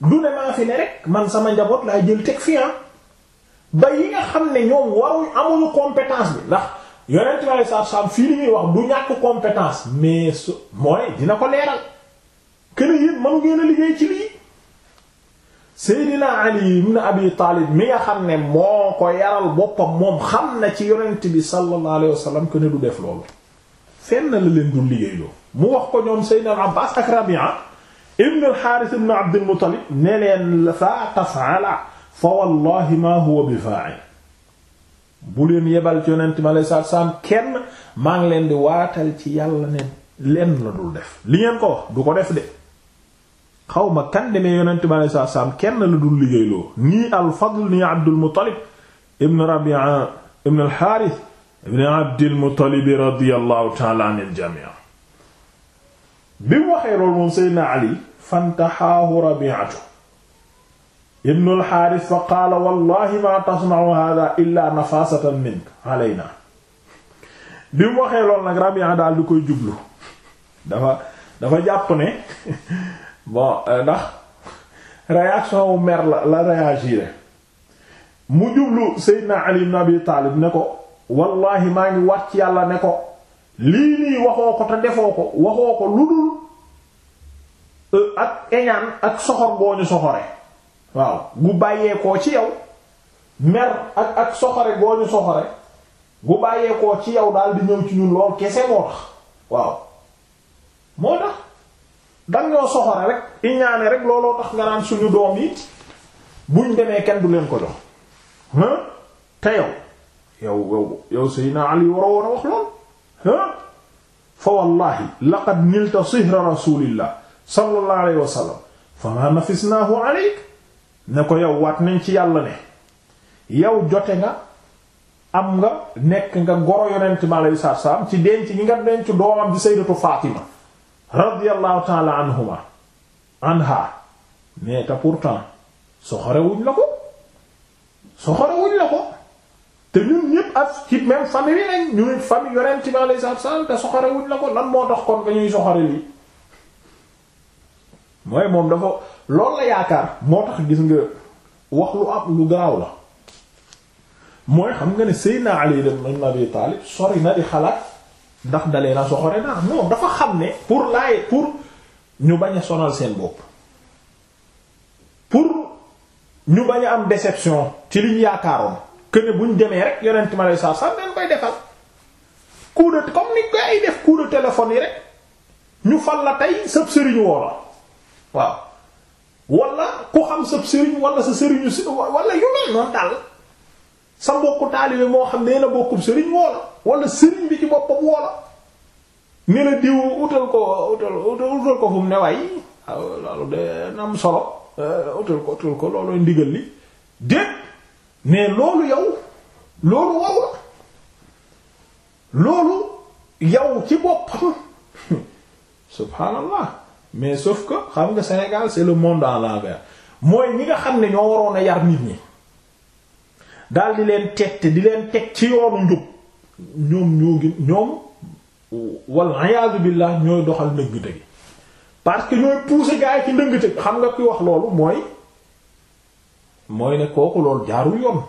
S1: du ne maa fi ne rek man sama njaboot laa jël teg fi ah. ba yi nga xam ne ñoom waruñ amuñu compétence bi ndax yonent bi alayhi salaam fii li muy wax du ñàkk compétence mais su mooy dina ko leeral kene yéen mënu ngeen a liggéey ci lii Seydina mun ibn Abi Taalib mi nga xam ne moo ko yaral boppam moom xam na ci yonent bi sallallahu alayhi wasallam que ne du def loolu fenn la leen dul liggéey loolu mu wax ko ñoom Seydina Abbaas ak Rabia ibn al-Haaris ibn Abd al-Muttalib ne leen laa taf'ala fa wallahi maa huwa bi faa'il bu leen yebal ci yonent mi alayhi salaam kenn maa ngi leen di waatal ci yàlla ne leen la dul def li ngeen ko du ko def de xaw ma kan demee yonent mi alayhi salaam kenn la dul liggéeyloo nii al nii Abdul Muttalib ibn Rabi'a ibn al-Haaris ibn Abd al-Muttalib radiyallahu ta'ala bi waxee loolu moom Ali fantaxaahu rabi'atu ibnu alxaaris fa qaala wallahi ma tasna'u hada illa nafasatan minka alayna bi mu waxee lool nag rabi'a daal di koy jublu dafa dafa jàpp ne bon euh, ndax réaction wu mer la la mu jublu Seydina Ali ibn Abi Taalib ne ko wallahi maa ngi waat yàlla ne ko lii nii waxoo ko te defoo ko waxoo ko lu dul Euh, ak eñaan ak soxor boo ñu soxore waaw gu bàyyeekoo ci yow mer ak ak soxore boo ñu soxore gu bàyyeekoo ci yow daal di ñëw ci ñun lool kese moo tax waaw moo tax dang ñoo soxore rek iñaane rek looloo tax nga naan suñu doom yi buñ demee kenn du leen ko jox hein te yow yow yow yow Seydina Ali war a woon a wax lool hein fa wallahi laqad nilta sihra rasulillah sallallahu alayhi wa sallam fama nafisnaahu aleyk ne ko yow waat nañ ci yàlla ne yow jote nga am nga nekk nga goro yonent ma aleyhi salaatu salaam ci denc gi nga denc doomam di sayyidatu Fatima radiyallahu ta'ala anhuma anha mais te pourtant soxorewuñ la ko soxorewuñ la ko te ñun ñëpp ak ci même famille lañ ñu famille yonent mi aleyhi salaatu salaam te soxorewuñ la ko lan moo dox kon nga ñuy soxore lii mooy moom dafa lool la yaakaar moo tax gis nga wax lu am lu garaaw la mooy xam nga ne Seydina Ali ibn Abi Talib sori na di xalaat ndax dalee na soxore na non dafa xam ne pour laay pour ñu bañ a sonal seen bopp pour ñu bañ a am déception ci liñ yaakaaroon que ne buñ demee rek yonent ma lay saa saa dañ koy defal coup comme ni koy def coup de yi rek ñu fal la tey sëb sëriñ woo la waaw wala ku xam sa sëriñ wala sa sëriñu si wala yu mel noonu daal sa mbokku taalibe moo xam nee na bokkum sëriñ woo la wala sëriñ bi ci boppam woo la ne la diw utal ko utal utal ko fu mu ne loolu de na solo eh, utal ko utal ko loolooy ndigal li déet mais loolu yow loolu wow loolu yow ci boppam subhaanallah mais sauf que xam nga Sénégal c'est le monde à l'envers mooy ñi nga xam ne ñoo waroon a yar nit ñi daal leen teg te di leen teg ci yoonu njub ñoom ñoo gi ñoom wal iyaadu billah ñooy doxal ndëngte gi parce que ñooy pousser gars ci ndëngte xam nga ki wax loolu mooy mooy ne kooku loolu jaarul yoon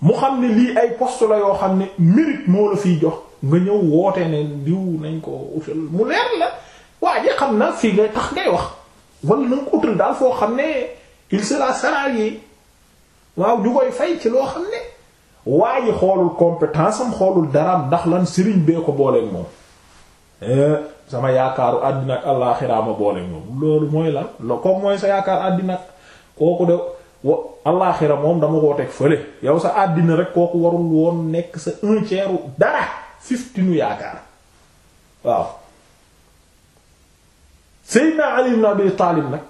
S1: mu xam ne lii ay post la yoo xam ne mérite moo la fiy jox nga ñëw woote ne diw nañ ko utal mu leer la waa ji xam na fii ngay tax ngay wax wala na nga xam ne il waaw ñu koy fay ci loo xam ne waa xoolul compétence am xoolul dara ndax lan sëriñ bee ko booleeg moom eh, sama yaakaaru àddina ak allaaxiraa ma booleeg moom loolu mooy la lo comme mooy sa yaakaar àddina ak kooku de wa allaaxira moom dama koo teg fële yow sa àddina rek kooku warul woon nekk sa un tiers dara fifty yaakaar waaw Seydina Ali ibn Abi Taalib nag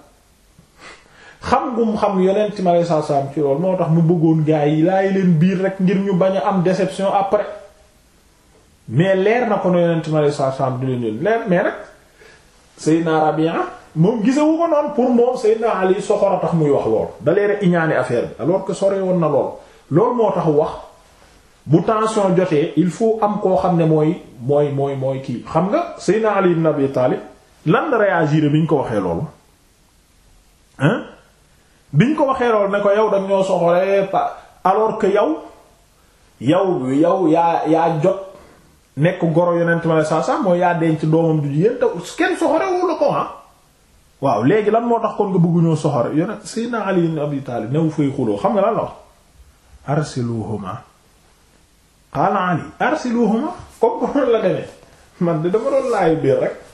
S1: xam gum xam yonent mi alayhi salaam ci loolu moo tax mu bëggoon gaa yi laay leen biir rek ngir ñu bañ a am déception après mais leer na ko ne yonent mi alayhi salaam du leen yónni leer mais nag Seydina moom gisewu ko noonu pour moom Seydina Ali soxor muy wax lool da leen a affaire bi sore woon na lool loolu moo tax wax bu tension jotee il faut am koo xam ne mooy mooy mooy mooy kii xam nga Seydina Taalib lan la réagir bi ñu ko waxee loolu hein bi ñu ko waxee loolu ne ko yow danga ñoo soxoree alors que yow yow yow yaa yaa jot nekk goro yonent ma la saa saa mooy yaa denc doomam du jigéen te kenn soxorewu la ko ah waaw léegi lan moo tax kon nga bëgguñoo soxore yonent Seydina Ali ibn Abi Talib new fay xuloo xam nga lan la wax arsiluhuma qaala Ali arsiluhuma comme ko la demee man de dama doon laayu biir rek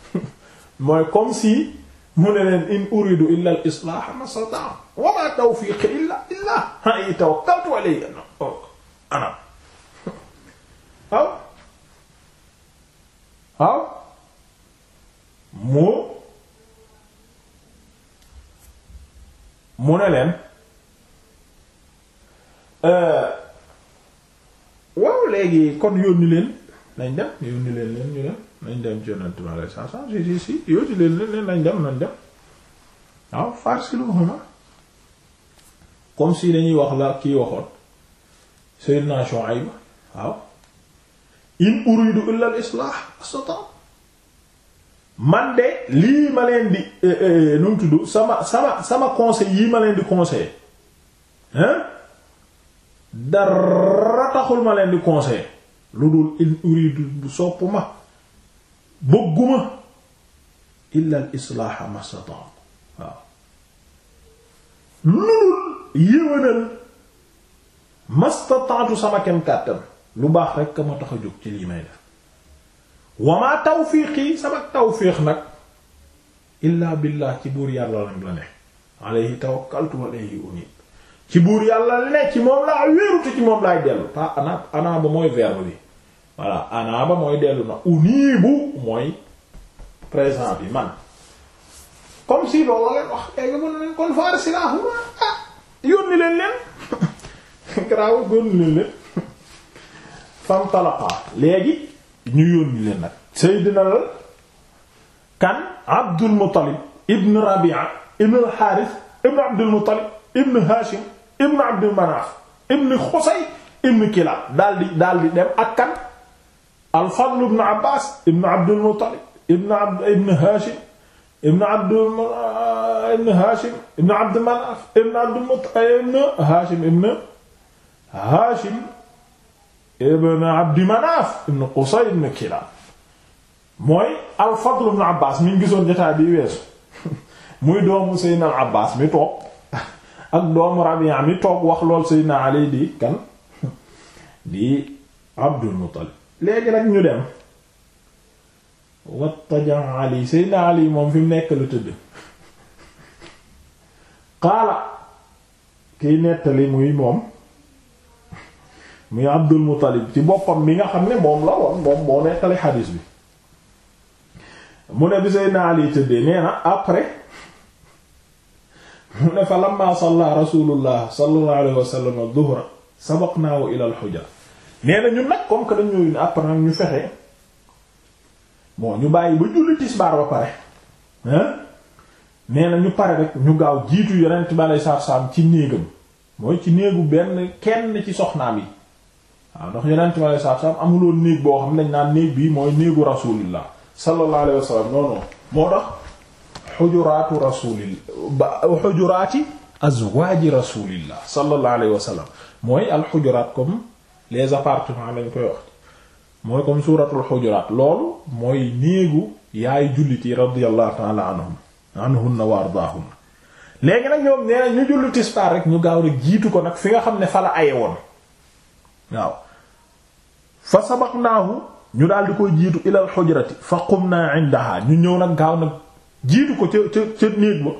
S1: mooy comme si mu ne leen in uridu illa al islaaha mastata'tu wa ma tawfiqi illa billah alayhi tawakkaltu alayhi oh, ana waaw waaw mu mu ne leen eh, waaw léegi kon yónni leen nañ dem yónni leen leen ñu dem nañ dem ci yonent ma lay si si si yooti nañ dem nañ dem waaw farsiluhuma comme si dañuy wax la kii waxoon sayyidna Shuayb waaw in uridu illa al islah man de lii ma leen di eh, eh, nu mu tudd sama sama sama conseil yii ma leen di conseil hein dara taxul ma leen di conseil lu dul in uridu bu sopp ma bëgguma illa al islaaha mastataa waaw lulul yéwénal mastataatu sama kem kàttan lu baax rekk ma tax a jóg ci lii may def wamaa tawfiiqi sama tawfiiq nag illaa billah ci buur yàlla nag la ne ci buur yàlla la ne ci moom laa wéerutu ci moom laay dellu pa ana ana mooy verbe bi voilà anaaba mooy dellu na uniibu mooy présent bi man comme si loolu leen wax léegi eh, mën leen kon faar silahuma ah yónni leen leen garaawul leen leen fam talaqa léegi ñu yónni leen nag Seydina kan Abdul ibn Rabi'a ibn al ibn Abdul ibn Hashim ibn Abdul ibn Khusay ibn Kilab daal di dem ak al-Fadl ibn Abbas ibn Abdul Muttalib ibn Abd ibn Hashim ibn Abdul ibn Hashim ibn Abd Manaf ibn Abdul Muttalib ibn Hashim ibn Hashim ibn Abd Manaf ibn Qusay ibn Kilab mooy al-Fadl ibn Abbas mi ngi gisoon jotaay bi weesu muy doomu Seydina Abbas mi toog ak doomu Rabi'a mi toog wax lool Seydina Ali di kan di Abdul Muttalib léegi nag ñu dem wattajan ali seydna ali moom fi mu nekk la tëdd qaala kiy nettali muy moom muy abdul muttalib ci boppam mi nga xam ne moom la woon moom moo nettali xadiis bi mu ne bi seydna ali tëddee nee après mu ne fa lamma salla rasulullah sallallahu alayhi wa sallam duhra sabaqnaahu ila al nee na ñun nag comme que dañu ne après nag ñu fexe bon ñu bàyyi ba julli tisbaar ba pare hein nee ñu pare rek ñu gaaw jiitu yonent bi aleyhi salaatu salaam ci néegam mooy ci néegu benn kenn ci soxnaam yi waaw ndax yonent bi aleyhi salaatu salaam amuloon néeg boo xam ne dañ néeg bii mooy néegu rasulillah sallallahu alayhi wa sallam non non moo tax xujuraatu rasulillah ba xujuraati azwaaji rasulillah sallallahu alayhi mooy alxujuraat comme les appartements lañ koy wax mooy comme suuratul xujuraat loolu mooy néegu yaay jullit yi radiyallahu ta'ala anhum anhunna wa ardaahunna léegi nag ñoom nee na ñu julli tisbaar rek ñu gaaw rek jiitu ko nag fi nga xam ne fa la aye woon waaw fa sabaqnaahu ñu daal di koy jiitu ilal xujrati fa qumnaa indaha ñu ñëw nag gaaw nag jiitu ko ca ca ca néeg ba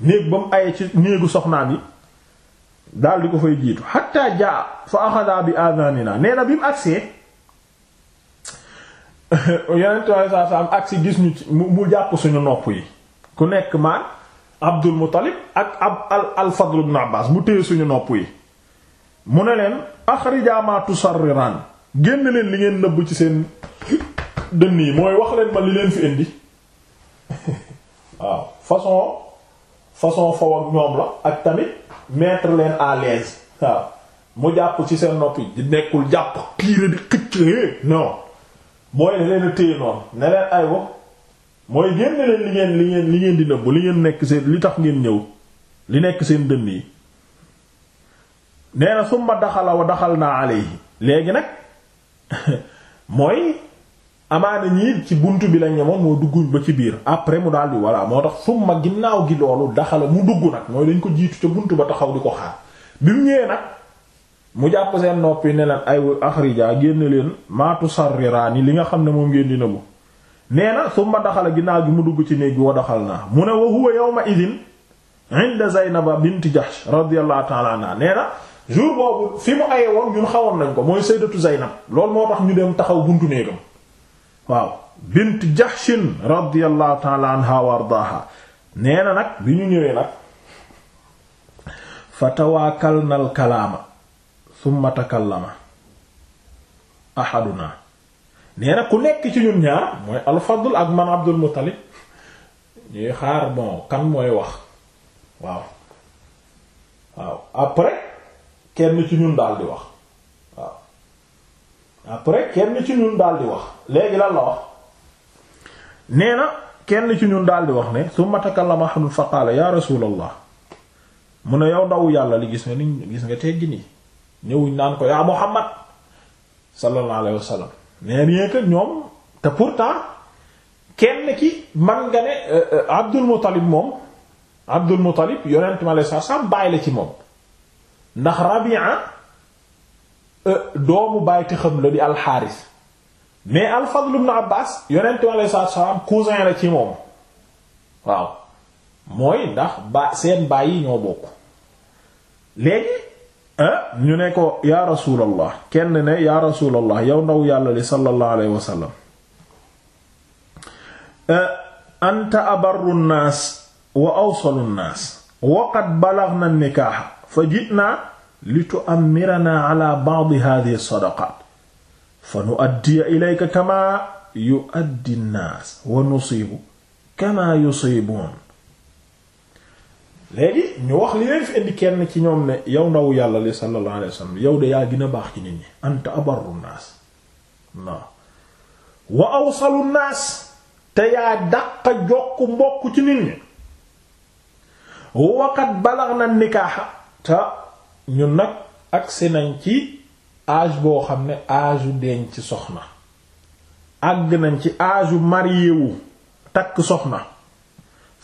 S1: néeg ba mu aye ci néegu soxnaam yi daal di ko fay jiitu xatta jaa fa axada bi adanina nee na bi mu agsee yonentu Yàlla saa saa am agsi gis ñu mu jàpp suñu nopp yi ku nekk maan Abdul Muttalib ak ab al al Fadl ibn Abbas mu téye suñu nopp yi mu ne leen axrija ma tusarriran génn leen li ngeen nëbb ci seen dënn yi mooy wax ma li leen fi indi waaw façon façon faw ak ñoom la ak tamit mettre leen à l'aise mu jàpp ci seen noppi di nekkul jàpp tiire di xëcc non booy leen téye noonu ne leen ay wax mooy génn leen li ngeen li ngeen li ngeen di nëbb li ngeen nekk seen li tax ngeen ñëw li nekk seen dënn yi nee na summa daxala daxal naa yi léegi nag mooy amaana ñii ci bunt bi lañ ñemoon moo duggu ba ci biir après mu daal di voilà moo tax summa ginnaaw gi loolu daxala mu dugg nag mooy dañ ko jiitu ca bunt ba taxaw di ko xaar bi mu ñëwee nag mu jàpp seen noppi ne leen ay axrija génne leen maatu sarriraani li nga xam ne moom ngeen di nëbbu nee na summa daxal ginnaaw gi mu dugg ci néeg bi wa daxal naa mu ne wa huwa yawma idin inda Zaynaba bint Jahsh radiyallahu ta'ala anha nee na jour boobu fi mu aye woon ñun xawoon nañ ko mooy sayyidatu Zaynab loolu moo tax ñu dem taxaw buntu néegam waaw bint Jahshin radiyallahu ta'ala anha wa ardaaha nee nag bi ñu ñëwee nag fatawaakalna al kalaama thumma takallama ahaduna nee ku nekk ci ñun ñaar mooy al ak man Abdul Muttalib ñuy xaar bon kan mooy wax waaw waaw après kenn ci ñun daal wax après kenn ci ñun daal di wax léegi lan la wax nee na kenn ci ñun daal di wax ne summa takallama ahadun fa qaala ya rasulallah mu ne yow ndaw yàlla li gis nga ni gis nga teggi nii ñëwuñ naan ko yaa muhammad sallallahu alayhi wasallam mais rien que ñoom te pourtant kenn ki man nga ne euh, euh, abdul muttalib moom abdul muttalib yonent ma lay sa sam bàyyi la ci moom ndax rabi'a Euh, doomu bàyti xam la di alxaaris mais al-Fadl ibn Abbas alayhi salaatu salaam cousin la ci moom waaw mooy ndax ba seen baay yi ñoo bokk léegi ñu ne ko yaa rasulallah kenn ne yaa rasulallah yow ndaw yàlla li sallallahu alayhi wa sallam euh, anta wa awsalu nnaas wa qad balaghna an fa ji'naa li tu'ammirana ala ba'di hadhihi sadaqat fa nu'addiya ñu wax li leen fi indi kenn ci ñoom ne yow naw yàlla li sallallahu alayhi wasallam yow de yaa gën a baax ci nit ñi anta awsalu naas te yaa dàqa jokk mbokk ci nit ñi waqat balax na nikaaxa te ñun nag agsi nañ ci âge boo xam ne âge u denc soxna àgg nañ ci âge u marié wu takk soxna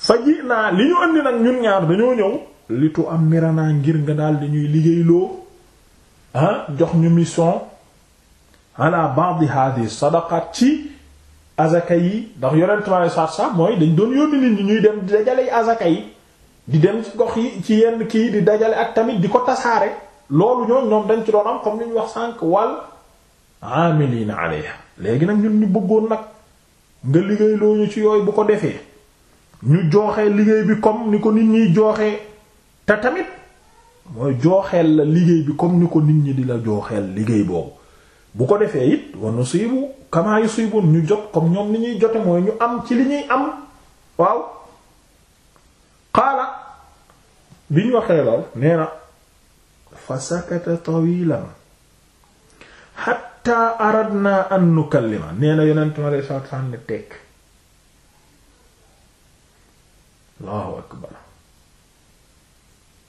S1: faji naa li ñu andi nag ñun ñaar dañoo ñëw litu am miranaa ngir nga daal di ñuy liggéeyloo ah jox ñu mission ala ba'd hadhihi sadaqat ci azaka yi ndax yonent ma sax sax mooy dañ doon yónni nit ñi ñuy dem dajale azaka yi di dem ci gox yi ci yenn kii di dajale ak tamit di ko tasaare loolu ñoom ñoom dañ ci doon am comme ni ñu wax sànq wal amilina alayha léegi nag ñun ñu bëggoon nag nga liggéey loo ñu ci yooyu bu ko defee ñu jooxee liggéey bi comme ni ko nit ñiy jooxee te tamit mooy jooxeel liggéey bi comme ni ko nit ñi di la jooxeel liggéey boobu bu ko defee it wa nusibu kama yusibu ñu jot comme ñoom li ñuy jote mooy ñu am ci li ñuy am waaw qaala bi ñu waxee lool nee fa sakata tawilan xatta aradna an nukallima nee allahu akbar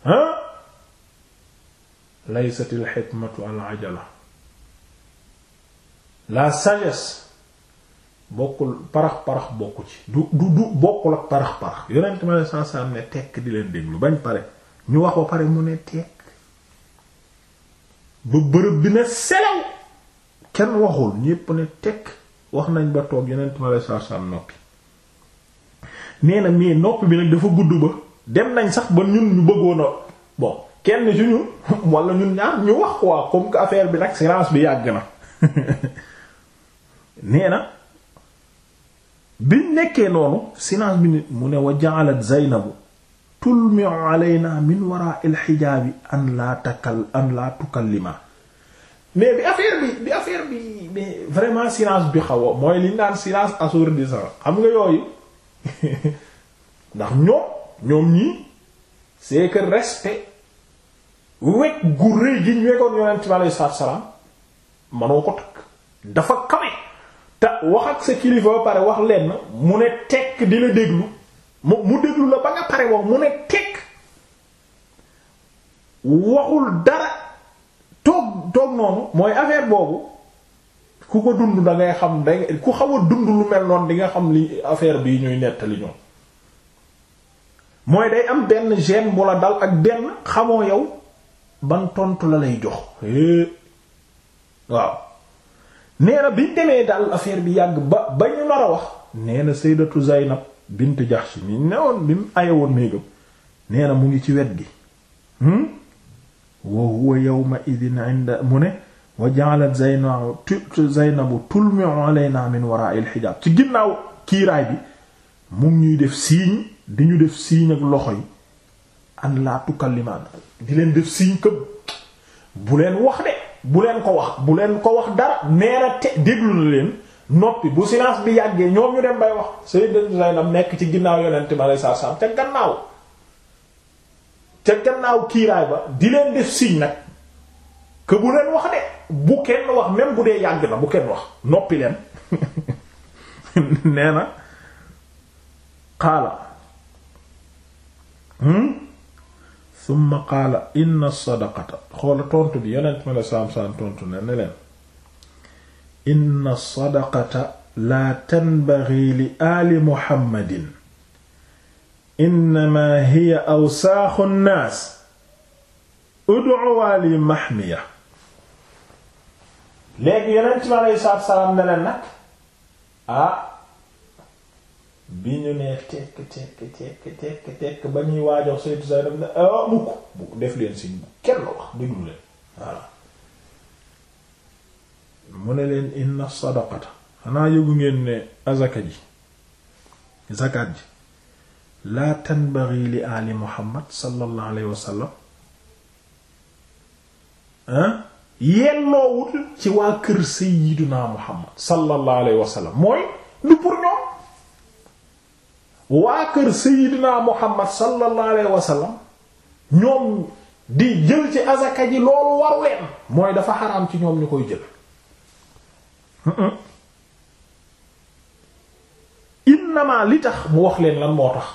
S1: ha laysat al hikmatu al ajala la sagesse bokkul parax parax bokku ci du du du bokkul ak parax parax yonent ma ne saa saa ne tekk di leen déglu bañ pare ñu wax ba pare mu ne tekk ba bërëb bi ne selew kenn waxul ñépp ne tek wax nañ ba toog yonent ma ne saa saa noppi nee na mais noppi bi nag dafa gudd ba dem nañ sax ba ñun ñu bëggoon a kenn ci ñun wala ñun ñaar ñu wax waa comme que affaire bi nag silence bi yàgg na nee na. biñ nekkee noonu silence bi nit mu ne wa ja'alat Zaynabu tulmi'u alayna min wara'il hijaabi an laa takal an laa tukallima mais bi affaire bi bi affaire bi mais vraiment silence bi xaw a mooy liñ naan silence assourdissant xam nga yooyu ndax ñoom ñoom ñii c'est que respect wekk gu rëy gi ñu wekkoon bi alayhi salaam manoo ko takk dafa kawe wax ak sa kilifa ba pare wax lenn mu ne tekk di la déglu mu mu déglu la ba nga pare wax mu ne tekk waxul dara toog toog noonu mooy affaire boobu ku ko dund da xam da ku xaw a dund lu mel noon di nga xam li affaire bii ñuy nettali ñoom mooy day am benn gêne bu la dal ak benn xamoo yow ban tontu la lay jox waaw. nee bi biñ daal affaire bi yàgg ba ba ñu nar a wax nee na sayyidatu Zaynab bint Jahsh mi newoon bi mu ayewoon néegam nee mu ngi ci wet gi hmm? wa huwa yawma idin inda mu ne wa Zaynabu tulmi'u alayna min wara'i al ci ginnaaw kiiraay bi mu ngi ñuy def signe di ñu def signe ak loxo yi an la di leen def signe këb bu leen wax de bu leen ko wax bu leen ko wax dara nee na te déglu na leen noppi bu silence bi yàggee ñoom ñu dem bay wax Sayyidatu Zaynab nekk ci ginnaaw yonent mi alayhi salaam ca gannaaw ca gannaaw kiiraay ba di leen def signe nag que bu leen wax de bu kenn wax même bu dee yàgg na bu kenn wax noppi leen nee na xaala hmm summa qaala inna sadaqata xoola tontu bi yonent ma la saam-saam tontu ne ne leen inna sadaqata laa tanbaghi li aali muhammadin innamaa hiya awsaaxu nnaas ud'u waali mahmiya léegi yonent ma lay saam-saam ne leen nag ah bi ñu nee tekk tekk tekk tekk tekk ba ñuy waajox saytu say daf ne ah mukk bu def leen siñ bu kenn wax déglu leen voilà mu ne leen inna sadaqata xanaa yëgu ngeen ne azaka ji zakat ji laa tanbaghi li ali muhammad sallallahu alayhi wa sallam ah ci waa kër sayyidina muhammad sallallahu alayhi wa mooy lu pour ñoom waa kër Seydina Muhammad sallallahu alayhi wa sallam ñoom di jël ci azaka ji loolu waru leen mooy dafa xaraam ci ñoom ñu koy jël innama li tax mu wax leen lan moo tax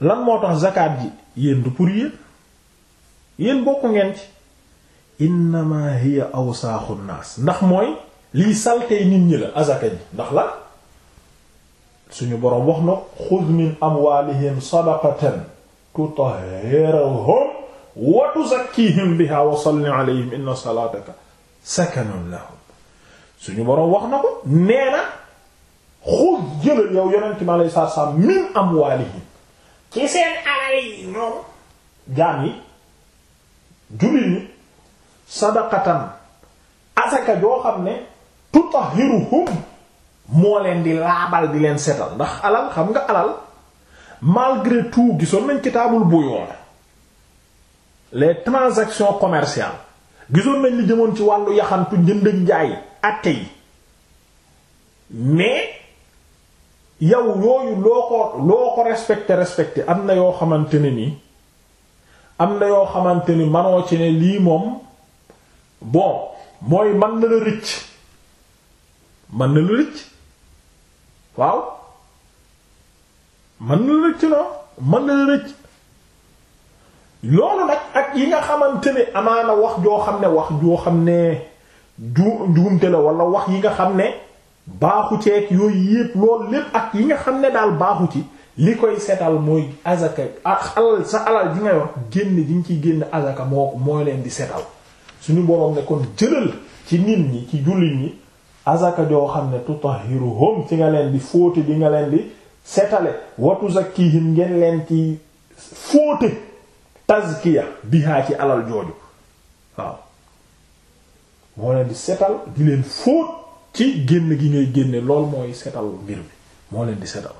S1: lan moo tax zakat ji yéen du pour yéen yéen bokku ngeen ci innama hiya awsaaxu naas ndax mooy liy saltee nit ñi la azaka ji ndax la suñu boroom wax na xud min amwaalihim sadaqatan tutahhiruhum wa tuzakkihim biha wa salli alayhim inna salaataka sakanun lahum suñu boroom wax na ko nee na xud jëlal yow yonent mi alayhi salaatu salaam min amwaalihim ci seen alal yi ñoom jaam yi jullit ñi sadaqatan asaka joo xam ne tutahhiruhum moo leen di laabal di leen setal ndax alal xam nga alal malgré tout gisoon nañ kitaabul buyoon les transactions commerciales gisoon nañ li jëmoon ci wàllu yaxantu njënd ak njaay atte yi mais yow yooyu loo ko loo ko respecté respecté am na yoo xamante ne ni am na yoo xamante ni manoo ci ne lii moom bon mooy man na la rëcc man na la rëcc waaw man na la rëcc noonu mën na la loolu nag ak yi nga xamante ne amaana wax joo xam ne wax joo xam ne ju njuumte la walla wax yi nga xam ne baaxu ceeg yooy yépp loolu lépp ak yi nga xam ne daal baaxu ci li koy setal mooy azaka alal sa alal ji ngay wax génn ji nga ciy génn azaka moo mooy leen di setal suñu boroom ne kon jëlal ci nit ñi ci jullit ñi azaka joo xam ne tutahhiruhum ci nga leen di fóote di nga leen di setale wa tuzakkihim ngeen leen ci fóote tazkiya bihaa ci alal jooju waaw moo leen di setal di leen fóot ci génn gi ngay génne lool mooy setal mbir mi moo leen di setal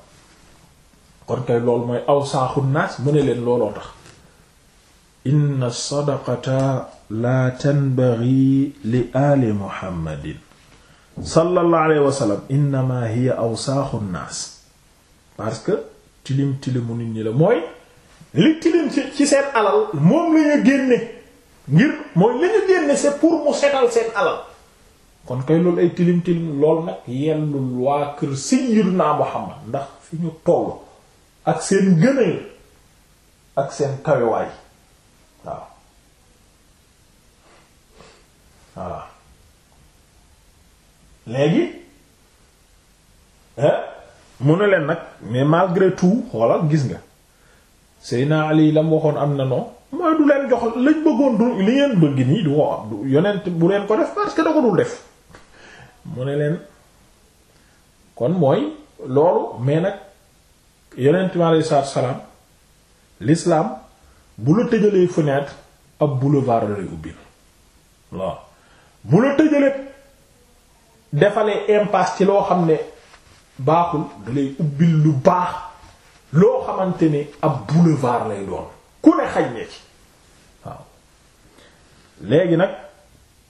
S1: kon kay loolu mooy aw saaxu naas mu ne leen looloo tax inna sadaqata la tanbaghi li ali muhammadin sallallahu alayhi wa sallam innama awsaaxu naas parce que tilim tilimu nit ñi la mooy li tilim ci seen alal moom la ñu génne ngir mooy la génne c'est pour mu setal seen alal kon kay loolu ay tilim tilim lool nag yellul waa kër sayyidina Muhammad ndax fi ñu toll ak seen gëneel ak seen kawewaay waaw waaw léegi mu ne leen nag mais malgré tout xoolal gis nga Seyna Ali la mu waxoon am na non mooy du leen jox lañ bëggoon du li ngeen bëgg nii du ko am yonent bu leen ko def parce que da ko dul def mu ne leen kon mooy loolu mais nag yonent mi aleyhi salaatu salaam l'islam bu la tëjalee fenêtre ak boulevard lay ubbil waaw bu la tëjalee defalee impasse ci loo xam ne baaxul da lay ubbil lu baax loo xamante ne ab boulevard lay doon ku ne xaj ne ci waaw léegi nag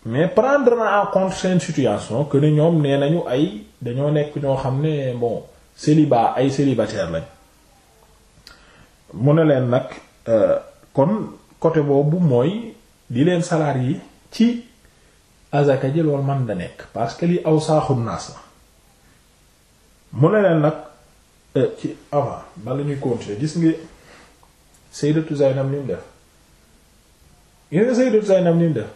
S1: mais prendre na en compte seen situation que ne ñoom nee nañu ay dañoo nekk ñoo xam ne bon célibat ay célibataire lañ mu ne leen nag euh, kon côté boobu mooy di leen yi ci azaka ji loolu man da nekk parce que li aw saaxun naas la mu ne leen nag euh, ci avant bala ñuy continuer gis nga sayyidatu Zaynab ni mu def gis nga sayyidatu Zaynab ni mu def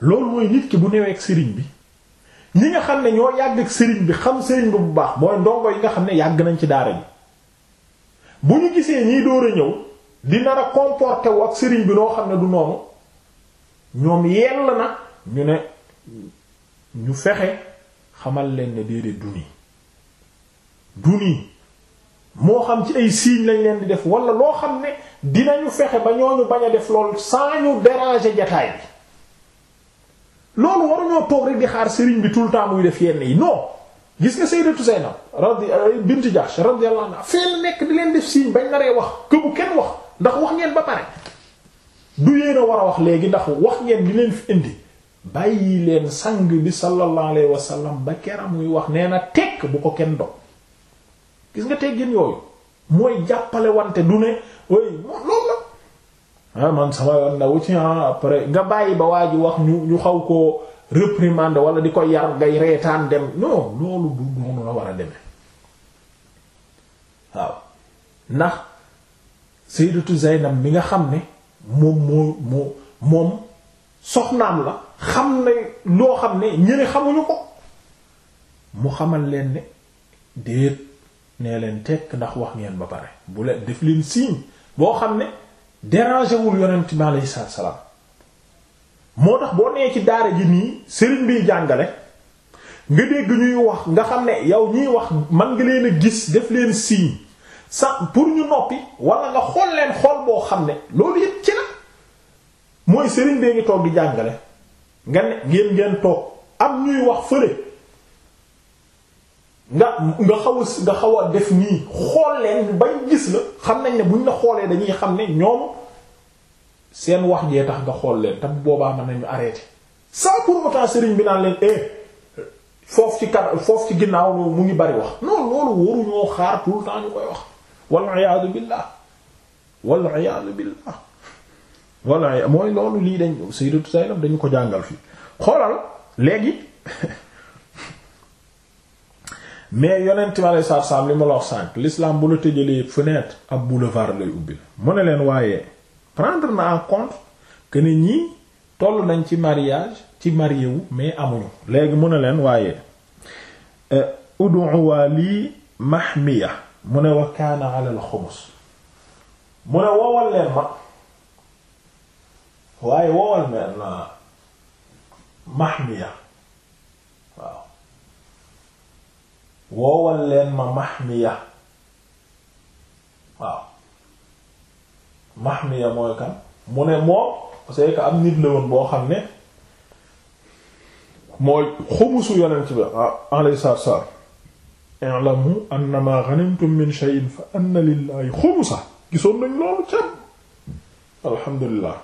S1: loolu mooy nit ki bu newee ak sëriñ bi ñi nga xam ne ñoo yàgg ak sëriñ bi xam sëriñ bi bu baax mooy ndongo yi nga xam ne yàgg nañ ci daara ji bu ñu gisee ñiy door a ñëw di nar a comporter wu ak sëriñ bi noo xam ne du noonu ñoom yell na ñu ne ñu fexe xamal leen ne déedéet du nii du moo xam ci ay signes lañ leen di def wala loo xam ne dinañu fexe ba ñooñu bañ a def lool saa ñu déranger jataay bi loolu waruñoo toog rek di xaar sëriñ bi tout le temps muy def yenn yi non gis nga Sayyidatu Zaynab radi euh, bint Jahsh radiyallahu anha feel nekk di leen def signe bañ naree wax que kenn wax ndax wax ngeen ba pare du yéen war a wax léegi ndax wax ngeen di leen fi indi bàyyi leen sang bi sallallahu alayhi wa sallam ba keram muy wax nee na tekk bu ko kenn dog gis nga teggin yooyu mooy jàppale wante du ne way loolu la ah man sama yoon na wu ci ah, après nga bàyyi ba waa ji wax ñu ñu xaw ko reprimande wala di ko yar ngay reetaan dem non loolu du doonu la war a demee waaw ndax sayyidatu Zaynab mi nga xam ne moom moo moom soxnaam la xam ne loo xam ne ñëne xamuñu ko mu xamal leen ne déet nee leen tekk ndax wax ngeen ba pare bu leen def leen signe boo xam ne déranger wul yonent bi alayhi salaam moo tax boo nee ci daara ji nii sëriñ biy jàngale nga dégg ñuy wax nga xam ne yow ñuy wax man ngi leen gis def leen signe sa pour ñu noppi walla nga xool leen xool boo xam ne loolu yëpp ci la mooy sëriñ bee ngi toog di jàngale nga ne ngeen ngeen toog am ñuy wax fële nga nga xaw a nga xaw a def nii xool leen bañ gis la xam nañ ne buñ la xoolee dañuy xam ne ñoom seen wax jee tax nga xool leen te boobaa mën nañu arrêté sans pour autant sëriñ bi naa leen eh foofu ci kar foofu ci ginnaaw mu ngi bari wax non loolu waruñoo xaar tout le ñu koy wax wal iyaadu billah wal iyaadu billah voilà mooy loolu lii dañ Sayyidatu Zaynab dañu ko jàngal fii xoolal léegi mais yonent mi alei satu li ma la wax sànq l'islam bu la tëjalee fenêtre ab boulevard lay ubbi mu ne leen waaye prendre na en compte que ne ñii toll nañ ci mariage ci marié wu mais amuñu léegi mu ne leen waaye euh, uduwa lii mahmiya mu ne wa kaana ala al xumus mu ne woowal leen ma waaye woowal mel na waaw woowal leen ma Mahmiya waaw Mahmiya mooy kan mu ne moom c'est que am nit la woon boo xam ne mooy xumusu yonent bi alayhi salaatu min shay'in fa anna lillahi xumusa gisoon nañ loolu ca alhamdulillah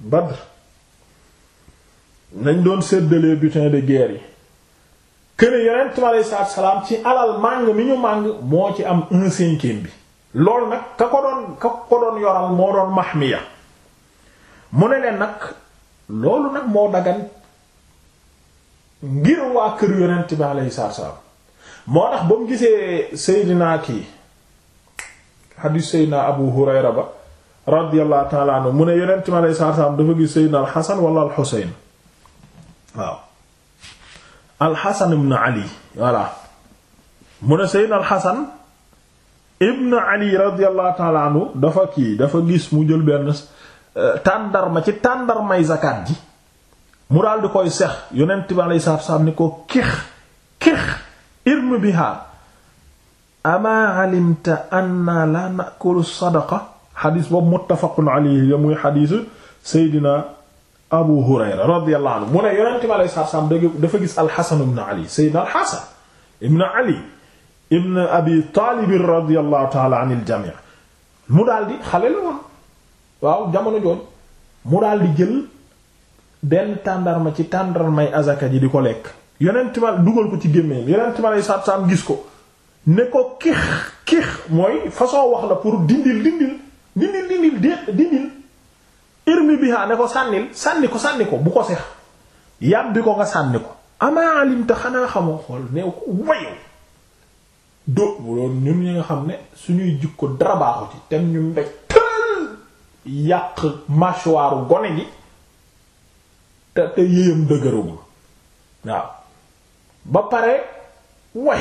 S1: Badr nañ doon séddalee butin de guerre yi këne yonent bi aleyhi salaatu salaam ci alal màng mi ñu màng moo ci am un bi loolu nag ka ko doon ka ko doon yoral moo doon mahmiya mu ne leen nag loolu nag moo dagan ngir waa kër yonent bi aleyhi salaatu salaam moo tax ba gisee Seydina kii xadiis Seydina Abu Hurayra ba radiyallahu ta'ala anhu mu ne yonent mi alayhi salaatu salaam dafa gis Seydina Alxasan wala Alxuseyn Alxasan ibn Ali voilà Alxasan ibn Ali radiyallahu ta'ala dafa kii dafa gis mu jël benn euh, tàndarma ci tàndarmay zakat ji mu koy sex yonent bi alayhi salaatu salaam ni ko kix kix irm biha ama alimta anna la na'kulu sadaqa xadis boobu muttafaqun alayhi la muy xadisu Seydina Abu Hurayra radiyallahu anhu mu ne yonent bi alayhi salaam dafa gis Alxasan ibn Ali Seydina Alxasan ibn Ali ibn Abi Taalib radiyallahu ta'ala anil jamii mu daal di jamono joon mu daal di jël benn tàndarma ci tàndarmay azaka ji di ko lekk yonent bi dugal ko ci gémmiñ yonent bi alayhi salaam gis ko ne ko kix kix mooy façon wax la pour dindil dindil. dindil dindil dindil irmi biha ne ko sànnil sànni ko sànni ko bu ko sex yàbbi ko nga sànni ko amaa alimta xanaa xamoo xool neew ko wayow dóot buloon ñun ñi nga xam ne suñuy jikko dara baaxu ci tem ñu mbéj tël yàq mâchoire gone gi te te yéyam dëgëragul waaw ba pare way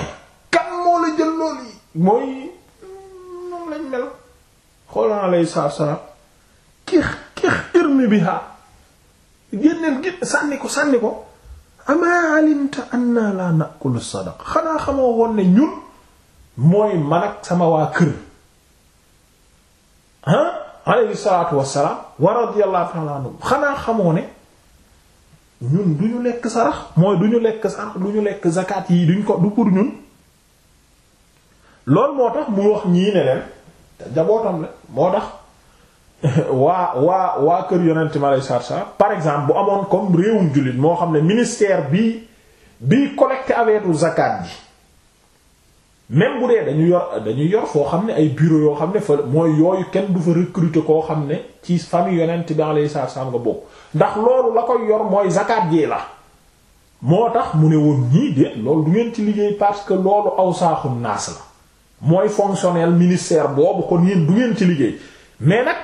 S1: kan moo la jël loolu yi mooy mm, moom lañ mel xoola alayhi salaam kix kix irmi biha génneel gén sànni ko sànni ko ama alimta anna la nakulu sadaq xanaa xamoo woon ne ñun mooy man ak sama waa kër ah alayhi salaatu wassalaam wa radiyallahu ta'ala xanaa xamoo ne ñun du ñu lekk sarax mooy du ñu lekk sarax du ñu lekk zakat yi duñ ko du pour ñun loolu moo tax mu wax ñii ne leen jabootam la moo tax waa waa waa kër yonent ma lay par exemple bu amoon comme réewum jullit moo xam ne ministère bi bi collecté avec zakat ji même bu dee dañu yor dañu yor foo xam ne ay bureau yoo xam ne fa mooy yooyu kenn du fa recruter koo xam ne ci famille yonent bi alayhi salaam nga bokk ndax loolu la koy yor mooy zakat jee la moo tax mu ne woon ñii de loolu du ngeen ci liggéey parce que loolu aw saaxum naas la mooy fonctionnaire ministère boobu kon yéen du ngeen ci liggéey mais nag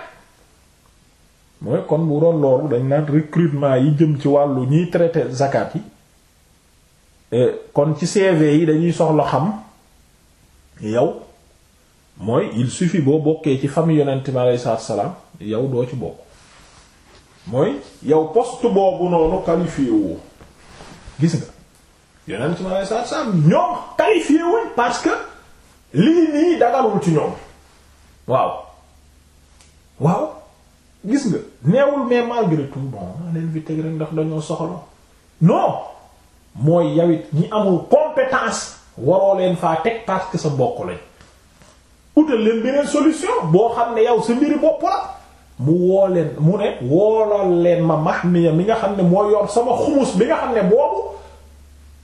S1: mooy kon bu doon loolu dañ naan recrutement yi jëm ci wàllu ñiy traité zakat yi eh, kon ci CV yi dañuy soxla xam yow mooy il suffit boo bokkee ci famille yonent bi aleyhi salaam yow doo ci bokk mooy yow poste boobu noonu qualifié gis nga yonent bi aleyhi salaam ñoom qualifié wuñ lii nii dagalul ci ñoom waaw waaw gis nga neewul mais malgré tout bon maa leen fi teg rek ndax dañoo soxla non mooy yawit ñi amul compétence waroo leen faa teg parce que sa mbokk lañ utal leen beneen solution boo xam ne yow si mbiri boppa mu woo leen mu ne woolal leen ma mahmiya mi nga xam ne moo yor sama xumus bi nga xam ne boobu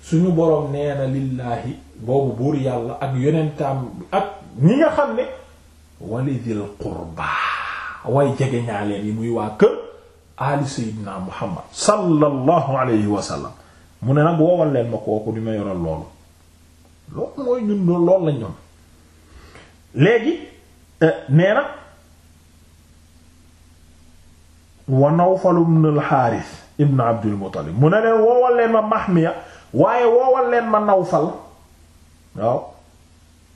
S1: suñu boroom nee na lillaahi boobu buur yàlla ak yonentaam ak ñi nga xam ne walidil qurbaa way jege ñaaleen yi muy waa kër ali sayyidina muhammad sallallahu alayhi wa sallam mu ne nag woowal leen ma kooku di ma yoral loolu loolu mooy ñun loolu la ñoom léegi eh, nee na wa nawfal ibn al xaaris ibn mu ne leen woowal leen ma mahmiya waaye woowal leen ma nawfal waaw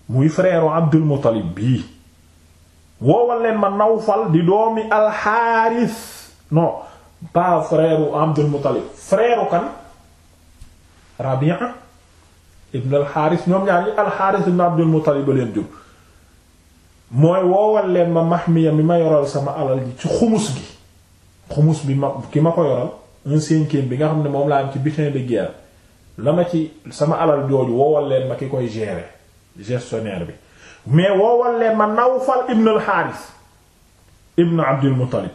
S1: muy frère Abdul Muttalib bii woowal leen ma Nawfal di doomi alxaaris non pas frère Abdul Muttalib frère kan Rabia ibn alxaaris ñoom ñaar yi alxaaris ibn Abdul Muttalib ba leen jur mooy woowal leen ma Mahmiya mi ma yoral sama alal ji ci xumus gi xumus bi ma ki ma ko yoral un bi nga xam ne moom laa am ci butin de guerre la ma ci sama alal jooju woowal leen ma ki koy gérer gestionnaire bi mais woowal leen ma Nawfal ibn al-Haaris ibn Abdul Muttalib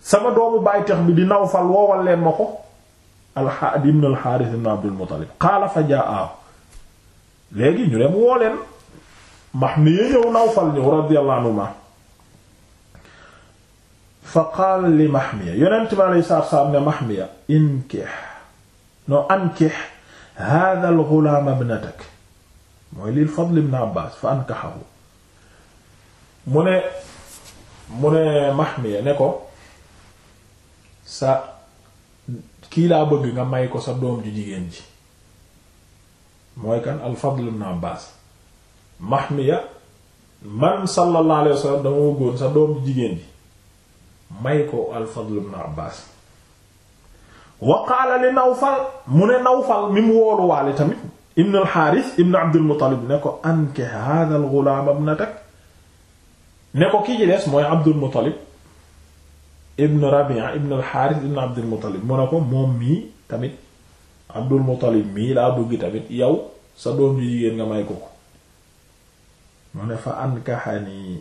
S1: sama doomu bàytax bi di Nawfal woowal leen ma ko al ibn al-Haaris ibn Abdul Muttalib qaala fa jaa léegi ñu dem woo leen max ni ye ñëw Nawfal ñëw radiyallahu anhuma fa qaala li Mahmiya yonent bi alayhi salaatu wa salaam ne Mahmiya inkih no ankih hadha al-ghulaam ibnatak mooy lil Fadl ibn Abbaas fa ankahahu mu ne mu ne Mahmiya ne ko sa kii laa bëgg nga may ko sa doom ju jigéen ji mooy kan al-Fadl ibn Abbaas Mahmiya man sa doom ju jigéen ji may ko al-Fadl ibn Abbaas wa qaala li nawfal mu ne nawfal mi mu woolu waale tamit ibn alxaaris ibn abdulmutalib ne ko anke hada algulaam ibnatak ne ko kii ci des mooy abdulmutalib ibn rabia ibn alxaaris ibn mu ne ko moom mii tamit abdulmutalib mii laa bëgg tamit yow sa doom ju jigéen nga may ko ko mu ne fa ankaxani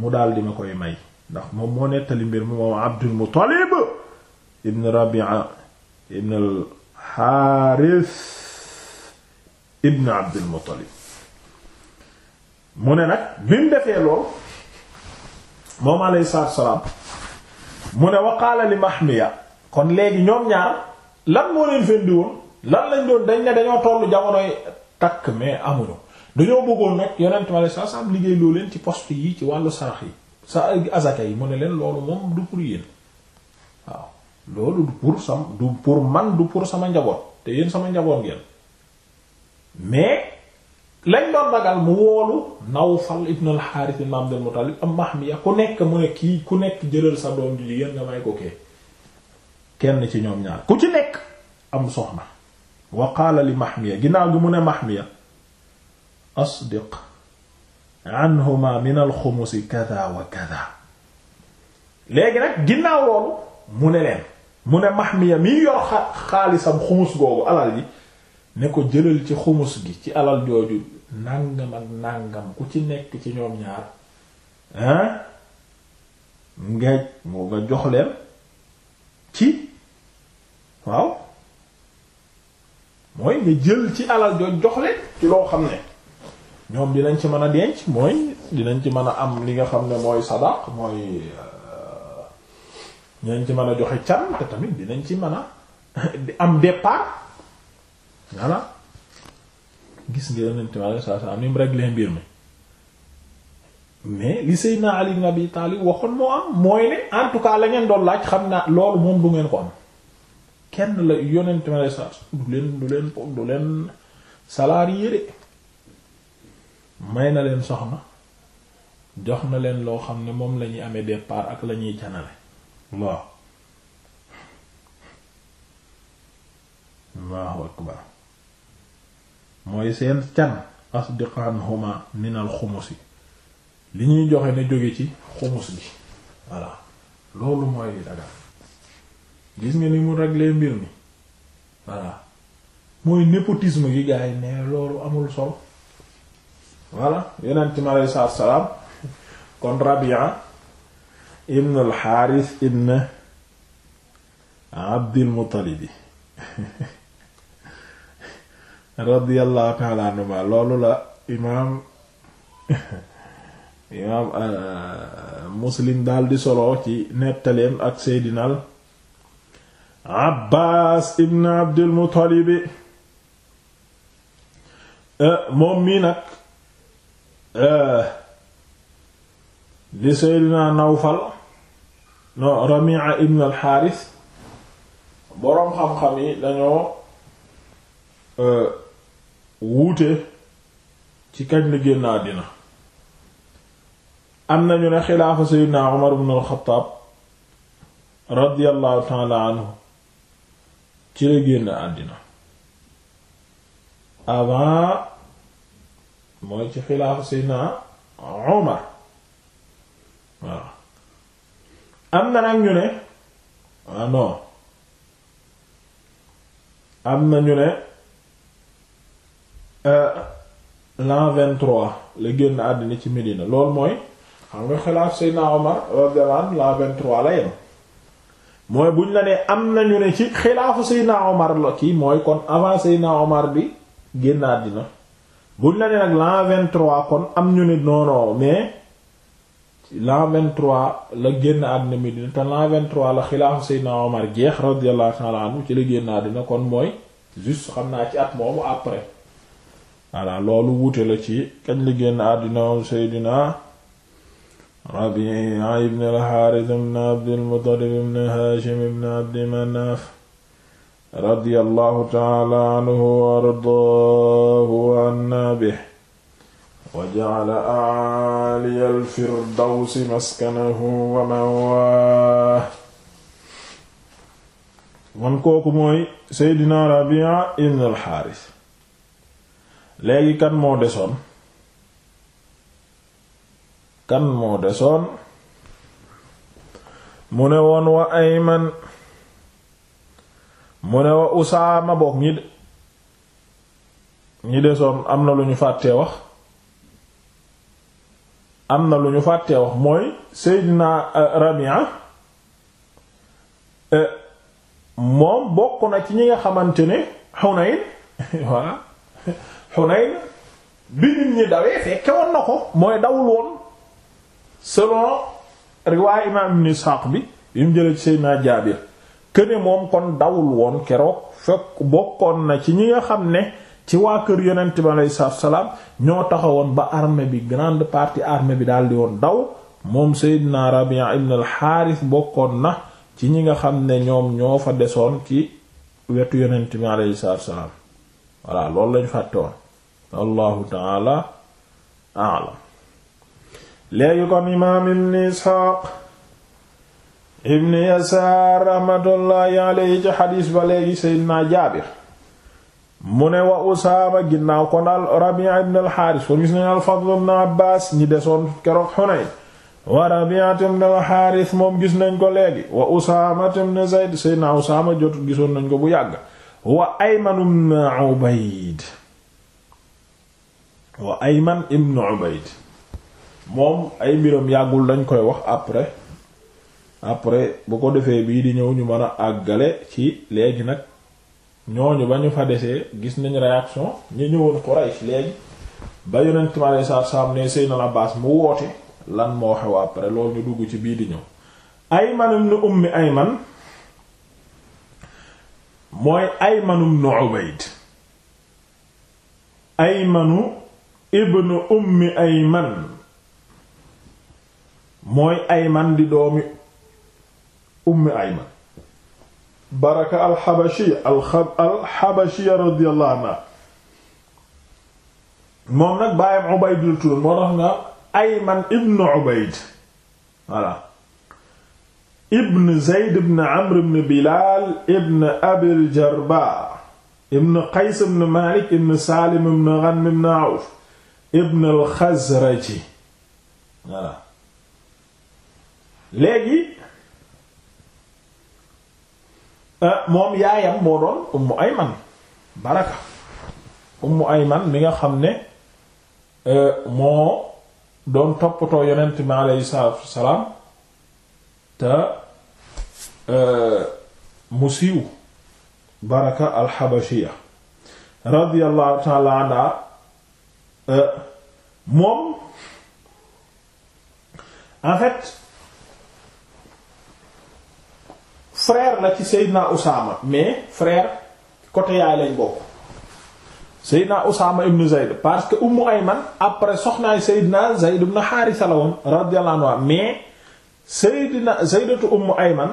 S1: mu daal di ma koy may ndax moom moo nettali mbir mi moom abdulmutalib ibn Rabi'a ibn al-Haaris ibn Abdul Muttalib mu ne nag bi mu defee lool moom alayhi salaatu wa salaam mu ne wa qaala li Mahmiya kon léegi ñoom ñaar lan moo leen fendi woon lan lañ doon dañ ne dañoo tollu jamonoy takk mais amuñu dañoo bëggoon nag yonent mi wa salaam liggéey loo leen ci post yi ci wàllu sarax yi sa azaka yi mu ne leen loolu moom du pour yéen loolu du pour sam du pour man du pour sama njaboot te yéen sama njaboot ngeen mais lañ doon ragal mu woolu Nawfal ibn al-Harith ibn Abdul Muttalib am Mahmiya ku nekk mu ne kii ku nekk jëlal sa doom ji yéen nga may ko kee kenn ci ñoom ñaar ku ci nekk am soxna wa qaala li Mahmiya ginnaaw gi mu ne Mahmiya asdiq anhuma min al-xumus kada wa kada léegi nag ginnaaw loolu mu ne leen mu ne Mahmiya mi yor xaalisam xumus googu alal yi ne ko jëlal ci xumus gi ci alal jooju nàngam ak nàngam ku ci nekk ci ñoom ñaar hein ngeej moo nga jox leen ci waaw mooy nga jël ci alal jooju jox leen ci loo xam ne ñoom dinañ ci mën a denc mooy dinañ ci mën a am li nga xam ne mooy sadaq mooy dinañ ci mën a joxe can te tamit dinañ ci mën a am départ voilà gis nga yonent ma saa am ni mu réglé mbir mi mais li Seydina Ali ibn Abi Talib waxoon moo am mooy ne en tout cas la ngeen doon laaj xam naa loolu moom du ngeen ko am kenn la yonent ma saa du leen du leen du leen salarié de may na leen soxna jox na leen loo xam ne moom lañuy ñuy amee départ ak la ñuy janale waaw allahu mooy seen can asdiqan huma minal xumusi li ñuy joxe ne jóge ci xumus bi voilà loolu mooy daga gis nga ni mu réglé mbir mi voilà mooy népotisme gi gars yi ne loolu amul solo voilà yeneen ci ma aleyhi salaam kon Rabia ibn alxaaris ibn abdilmuttalibi radiallahu taala anhuma loolu la imaam imaam euh, muslim daal di solo ci nettaleem ak seydinal abbaas ibn abdilmuttalibi euh, moom mii nag euh, di Seydina Nawfal no Rami'a ibn al-Harith xam-xam yi dañoo euh, wuute ci kañ la génn àddina am nañu ne xilaafa Seydina Umar ibn al radiyallahu ta'ala anhu ci la génn àddina avant mooy ci xilaafa Seydina Umar waaw am na nag ñu ne ah non am na ñu ne euh, l'an vingt-trois la génn àddina ci Medina loolu mooy xam nga xilaaf Seydina Omar radiyallahu anhu l'an vingt-trois la yem mooy buñ la nee am nañu ne ci xilaafu Seydina Omar la kii mooy kon avant Seydina bi génn àddina buñ la nee nag l'an vingt-trois kon am ñu ne non mais l'an 23 la génn àddina Medina te l'an 23 la xilaafu Seydina Omar jeex radiyallahu ta'ala anhu ci la génn àddina kon mooy juste xam naa ci at moomu après voilà loolu wuute la ci kañ la génn àddina moom Seydina Rabi'a ibn al-Harith ibn Abdul Muttalib ibn Hashim ibn Abdi Manaf radiyallahu ta'ala anhu wa ardaahu wa wa ja'ala a'aliya al-firdawsi maskanahu wa ma'waahu man kooku mooy Seydina Rabi'a ibn al léegi kan moo desoon kan moo desoon mu ne woon wa Ayman mu ne wa Usaama bokk ñi ñi desoon am na lu ñu fàttee wax am na lu ñu fàttee wax mooy Seydina euh, Rabia euh, moom bokk na ci ñi nga xamante ne Hunayn voilà Hunayn bi nit ñi dawee fekke woon na ko mooy dawul woon selon riwaay imaam Ibn Ishaq bi yu mu jëlee ci Seydina Jaabir këne moom kon dawul woon keroog fekk bokkoon na ci ñi nga xam ne ci waa kër yonent bi aleyhi ñoo taxawoon ba armée bi grande partie armée bi daal di woon daw moom Seydina Rabia ibn al-Xaaris bokkoon na ci ñi nga xam ne ñoom ñoo fa desoon ci wetu yonent bi aleyhi salaatu salaam voilà loolu lañu fàtte woon wallahu taala a'lam léegi kon imaam ibn Isxaaq ibn Yasaar rahmatullahi aleyhi ci xadiis ba léegi Seydina Jaabir mu ne wa usaama ginnaaw kon al rabia ibn al xaaris kon gis nañu al fadl ibn abbaas ñi desoon keroog xunayn wa rabiat ibn al xaaris moom gis nañ ko léegi wa usaama ibn zayd seydna usaama jot gisoon nañ ko bu yàgg wa ayman ibn ubayd wa ayman ibn ubayd moom ay mbiram yàggul dañ koy wax après après bu ko defee bii di ñëw ñu mën a àggale ci léegi nag ñooñu ba ñu fa desee gis nañ réaction ñu ñëwoon Quraysh léegi ba yonent mi aleyhi salaatu salaam ne Seydina Abbaas mu woote lan moo xew après loolu ñu dugg ci bii di ñëw Ayman ibn Ummi Ayman mooy Ayman ibn di doomi Ummi Ayman baraka alxabashi alxabashiya radiyallahu anhu moom nag baayam Ubayd la tudd moo tax nga Ayman ibn Ubayd voilà ibn Zayd ibn Amr ibn Bilal ibn Abil Jarba ibn Qays ibn Malik ibn Salim ibn Ghanm ibn Awf ibn al-Khazraji voilà léegi Euh, moom yaayam moo doon ummu ayman baraka ummu ayman mi nga xam ne euh, moo doon toppatoo yonent mi aleyhi salaatu wassalaam te euh, mu siiw baraka alxabashiya radiyallahu taala anha moom en fait frère la ci Seydina Usaama mais frère côté yaay lañ bokk Seydina Usaama ibn Zayd parce que Ummu Ayman après soxnaay Seydina Zayd ibn Haarisa la woon radiyallahu anhu mais Seydina Zaydatu Ummu Ayman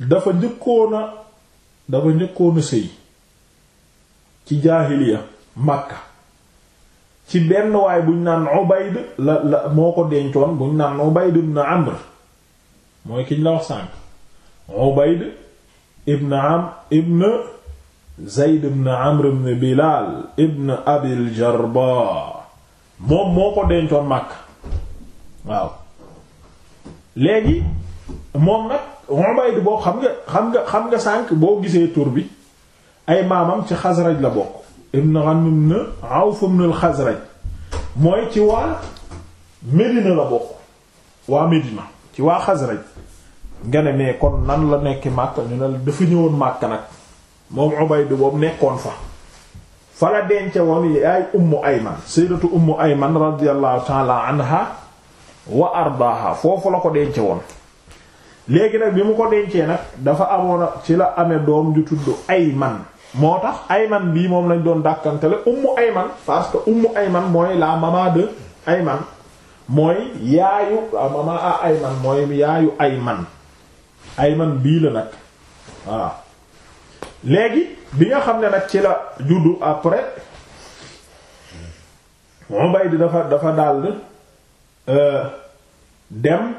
S1: dafa njëkkoona dafa njëkkoona sëy ci jaahiliya Makka ci benn waay buñ naan Ubayd la la moo ko dencoon buñ naan Ubayd ibn Amr mooy kiñ la wax sànk Ubayd ibn Amr ibn Zayd ibn Amr ibn Bilal ibn Abil Jarba moom moo ko dencoon Makka waaw léegi moom nag Ubayd boo xam nga xam nga xam nga sànq boo gisee tur bi ay maamam ci Xasraj la bokk ibn Ghanm ibn Awf ibn al-Xasraj mooy ci waa Médina la bokk waa Médina ci waa Xasraj nga ne kon nan la nekk Makka ñu ne la dafa ñëwoon Makka nag moom Ubaydu boobu nekkoon fa fa la dence woon yaay Ummu Ayman sayyidatu Ummu Ayman radiyallahu ta'ala anha wa ardaaha foofu la ko dence woon léegi nag bi mu ko dencee nag dafa amoon ci la amee doom ju tudd man moo tax ay man bii moom lañ doon dàkkante la dàkkantele ay man parce que ay man mooy la maman ay Ayman mooy yaayu la maman à Ayman mooy yaayu Ayman ayman bii la nag voilà léegi bi nga xam ne nag ci la juddu après Ubayd dafa dafa daldi euh, dem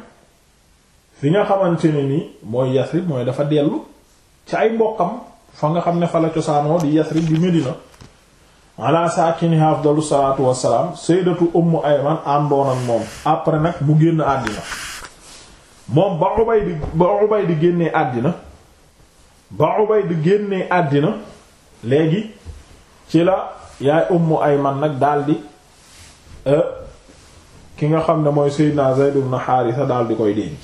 S1: fi nga xamante ne ni mooy Yasrib mooy dafa dellu ci ay mbokkam fa nga xam ne fa la cosaanoo di Yasrib di Medina ala saakini afdalu salaatu wassalaam sayyidatu Ummu Ayman àndoon moom après nag mu génn àddina moom ba Ubayd ba Ubayd génnee àddina ba Ubayd génne àddina léegi ci la yaay Ummu Ayman nag daldi euh, ki nga xam ne mooy Seydina Zayd ibn Haarisa daldi koy denc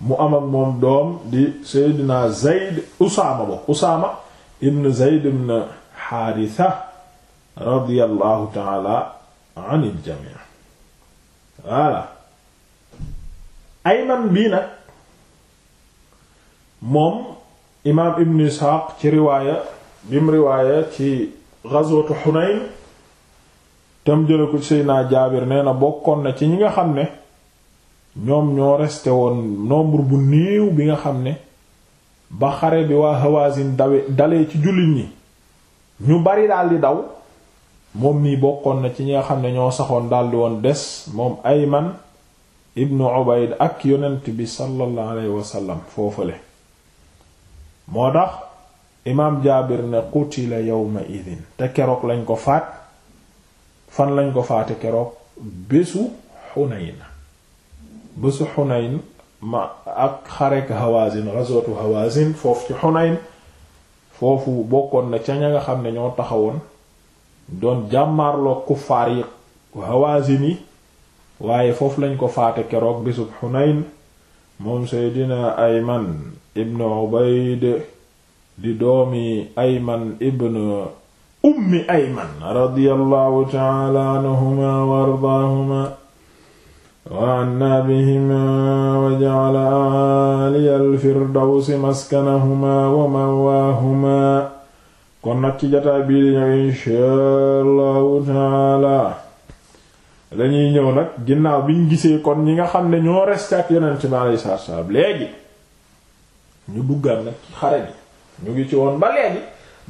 S1: mu am ak moom doom di Seydina Zayd Usaama bokk Usaama ibn Zayd ibn Haarisa radiyallahu ta'ala anil jamii voilà ay ayman bii nag moom imaam ibn isxaaq ci riwaaya bim riwaaya ci ghazwatu xunayn tam jële ko seydna jaabir nee na bokkoon na ci ñi nga xam ne ñoom ñoo resté woon nombre bu néew bi nga xam ne ba xare bi waa hawazin dawe dalee ci jullit ñi ñu bari daldi daw moom nii bokkoon na ci ñi nga xam ne ñoo saxoon daldi woon des moom man ibnu ubayd ak yonent bi sallallahu alayhi wasallam foofale moo tax imaam jaabir ne qutila yawma idin te keroog lañ ko faat fan lañ ko faate keroog bésu xunayn bésu xunayn ma ak xarek hawazin ghazwatu hawazin foofu ci xunayn foofu bokkoon na ca ña nga xam ne ñoo taxawoon doon jàmmaarloo kuffaar yi hawazin yi waaye foofu lañ ko faate keroog bisub xunayn moom seydina ayman ibn ubayd di doomi ayman ibn ummi ayman radiyallahu taala anhuma wa ardaahuma wa anna wa ja'ala aaliya alfirdawsi maskanahuma wa mawaahuma kon nag jataa bii inshaa allahu taala lañuy ñëw nag ginnaaw bi ñu gisee kon ñi nga xam ne ñoo resté ak yonent bi alayhi salaatu ñu duggaat nag ci xare ñu ngi ci woon ba léegi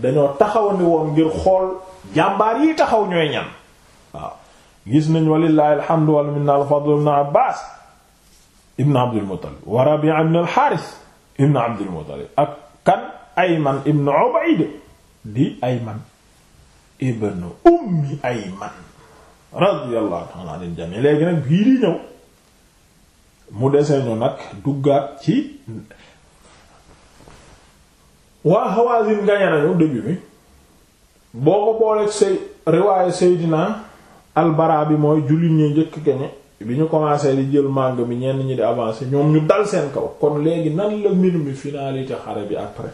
S1: dañoo taxaw ni woon ngir xool jàmbaar yi taxaw ñooy ñan waaw gis nañ walillahi alhamdu wal minna al fadl ibn abbas ibn abdul muttalib wa rabi'a ibn al haris muttalib ak kan ayman ibn ubayd ayman radiyallahu ta'ala anil jami léegi nag bii di ñëw mu deseñu nag duggaat ci waa Hawazin gañe nañu début bi boo ko booleeg say riwaaye Seydina albara bi mooy jullit ñi njëkk gañe bi ñu commencé di jël màng bi ñenn ñi di avancer ñoom ñu dal seen kaw kon léegi nan la mbir mi finalité xare bi après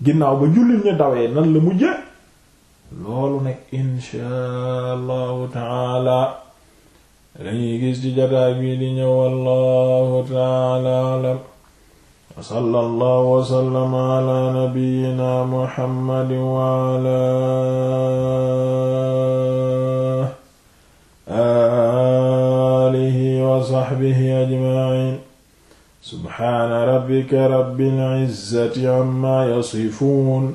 S1: ginnaaw ba jullit ñi dawee nan la mujjee loolu nag inshaa allahu taala lañuy gis ci jataay bii di ñëw wallahu taala alam wa sallallahu wa sallama ala nabiyyina muhammadin wa ala alihi wa sahbihi ajma'in subhaana rabbika rabbil izzati amma yasifun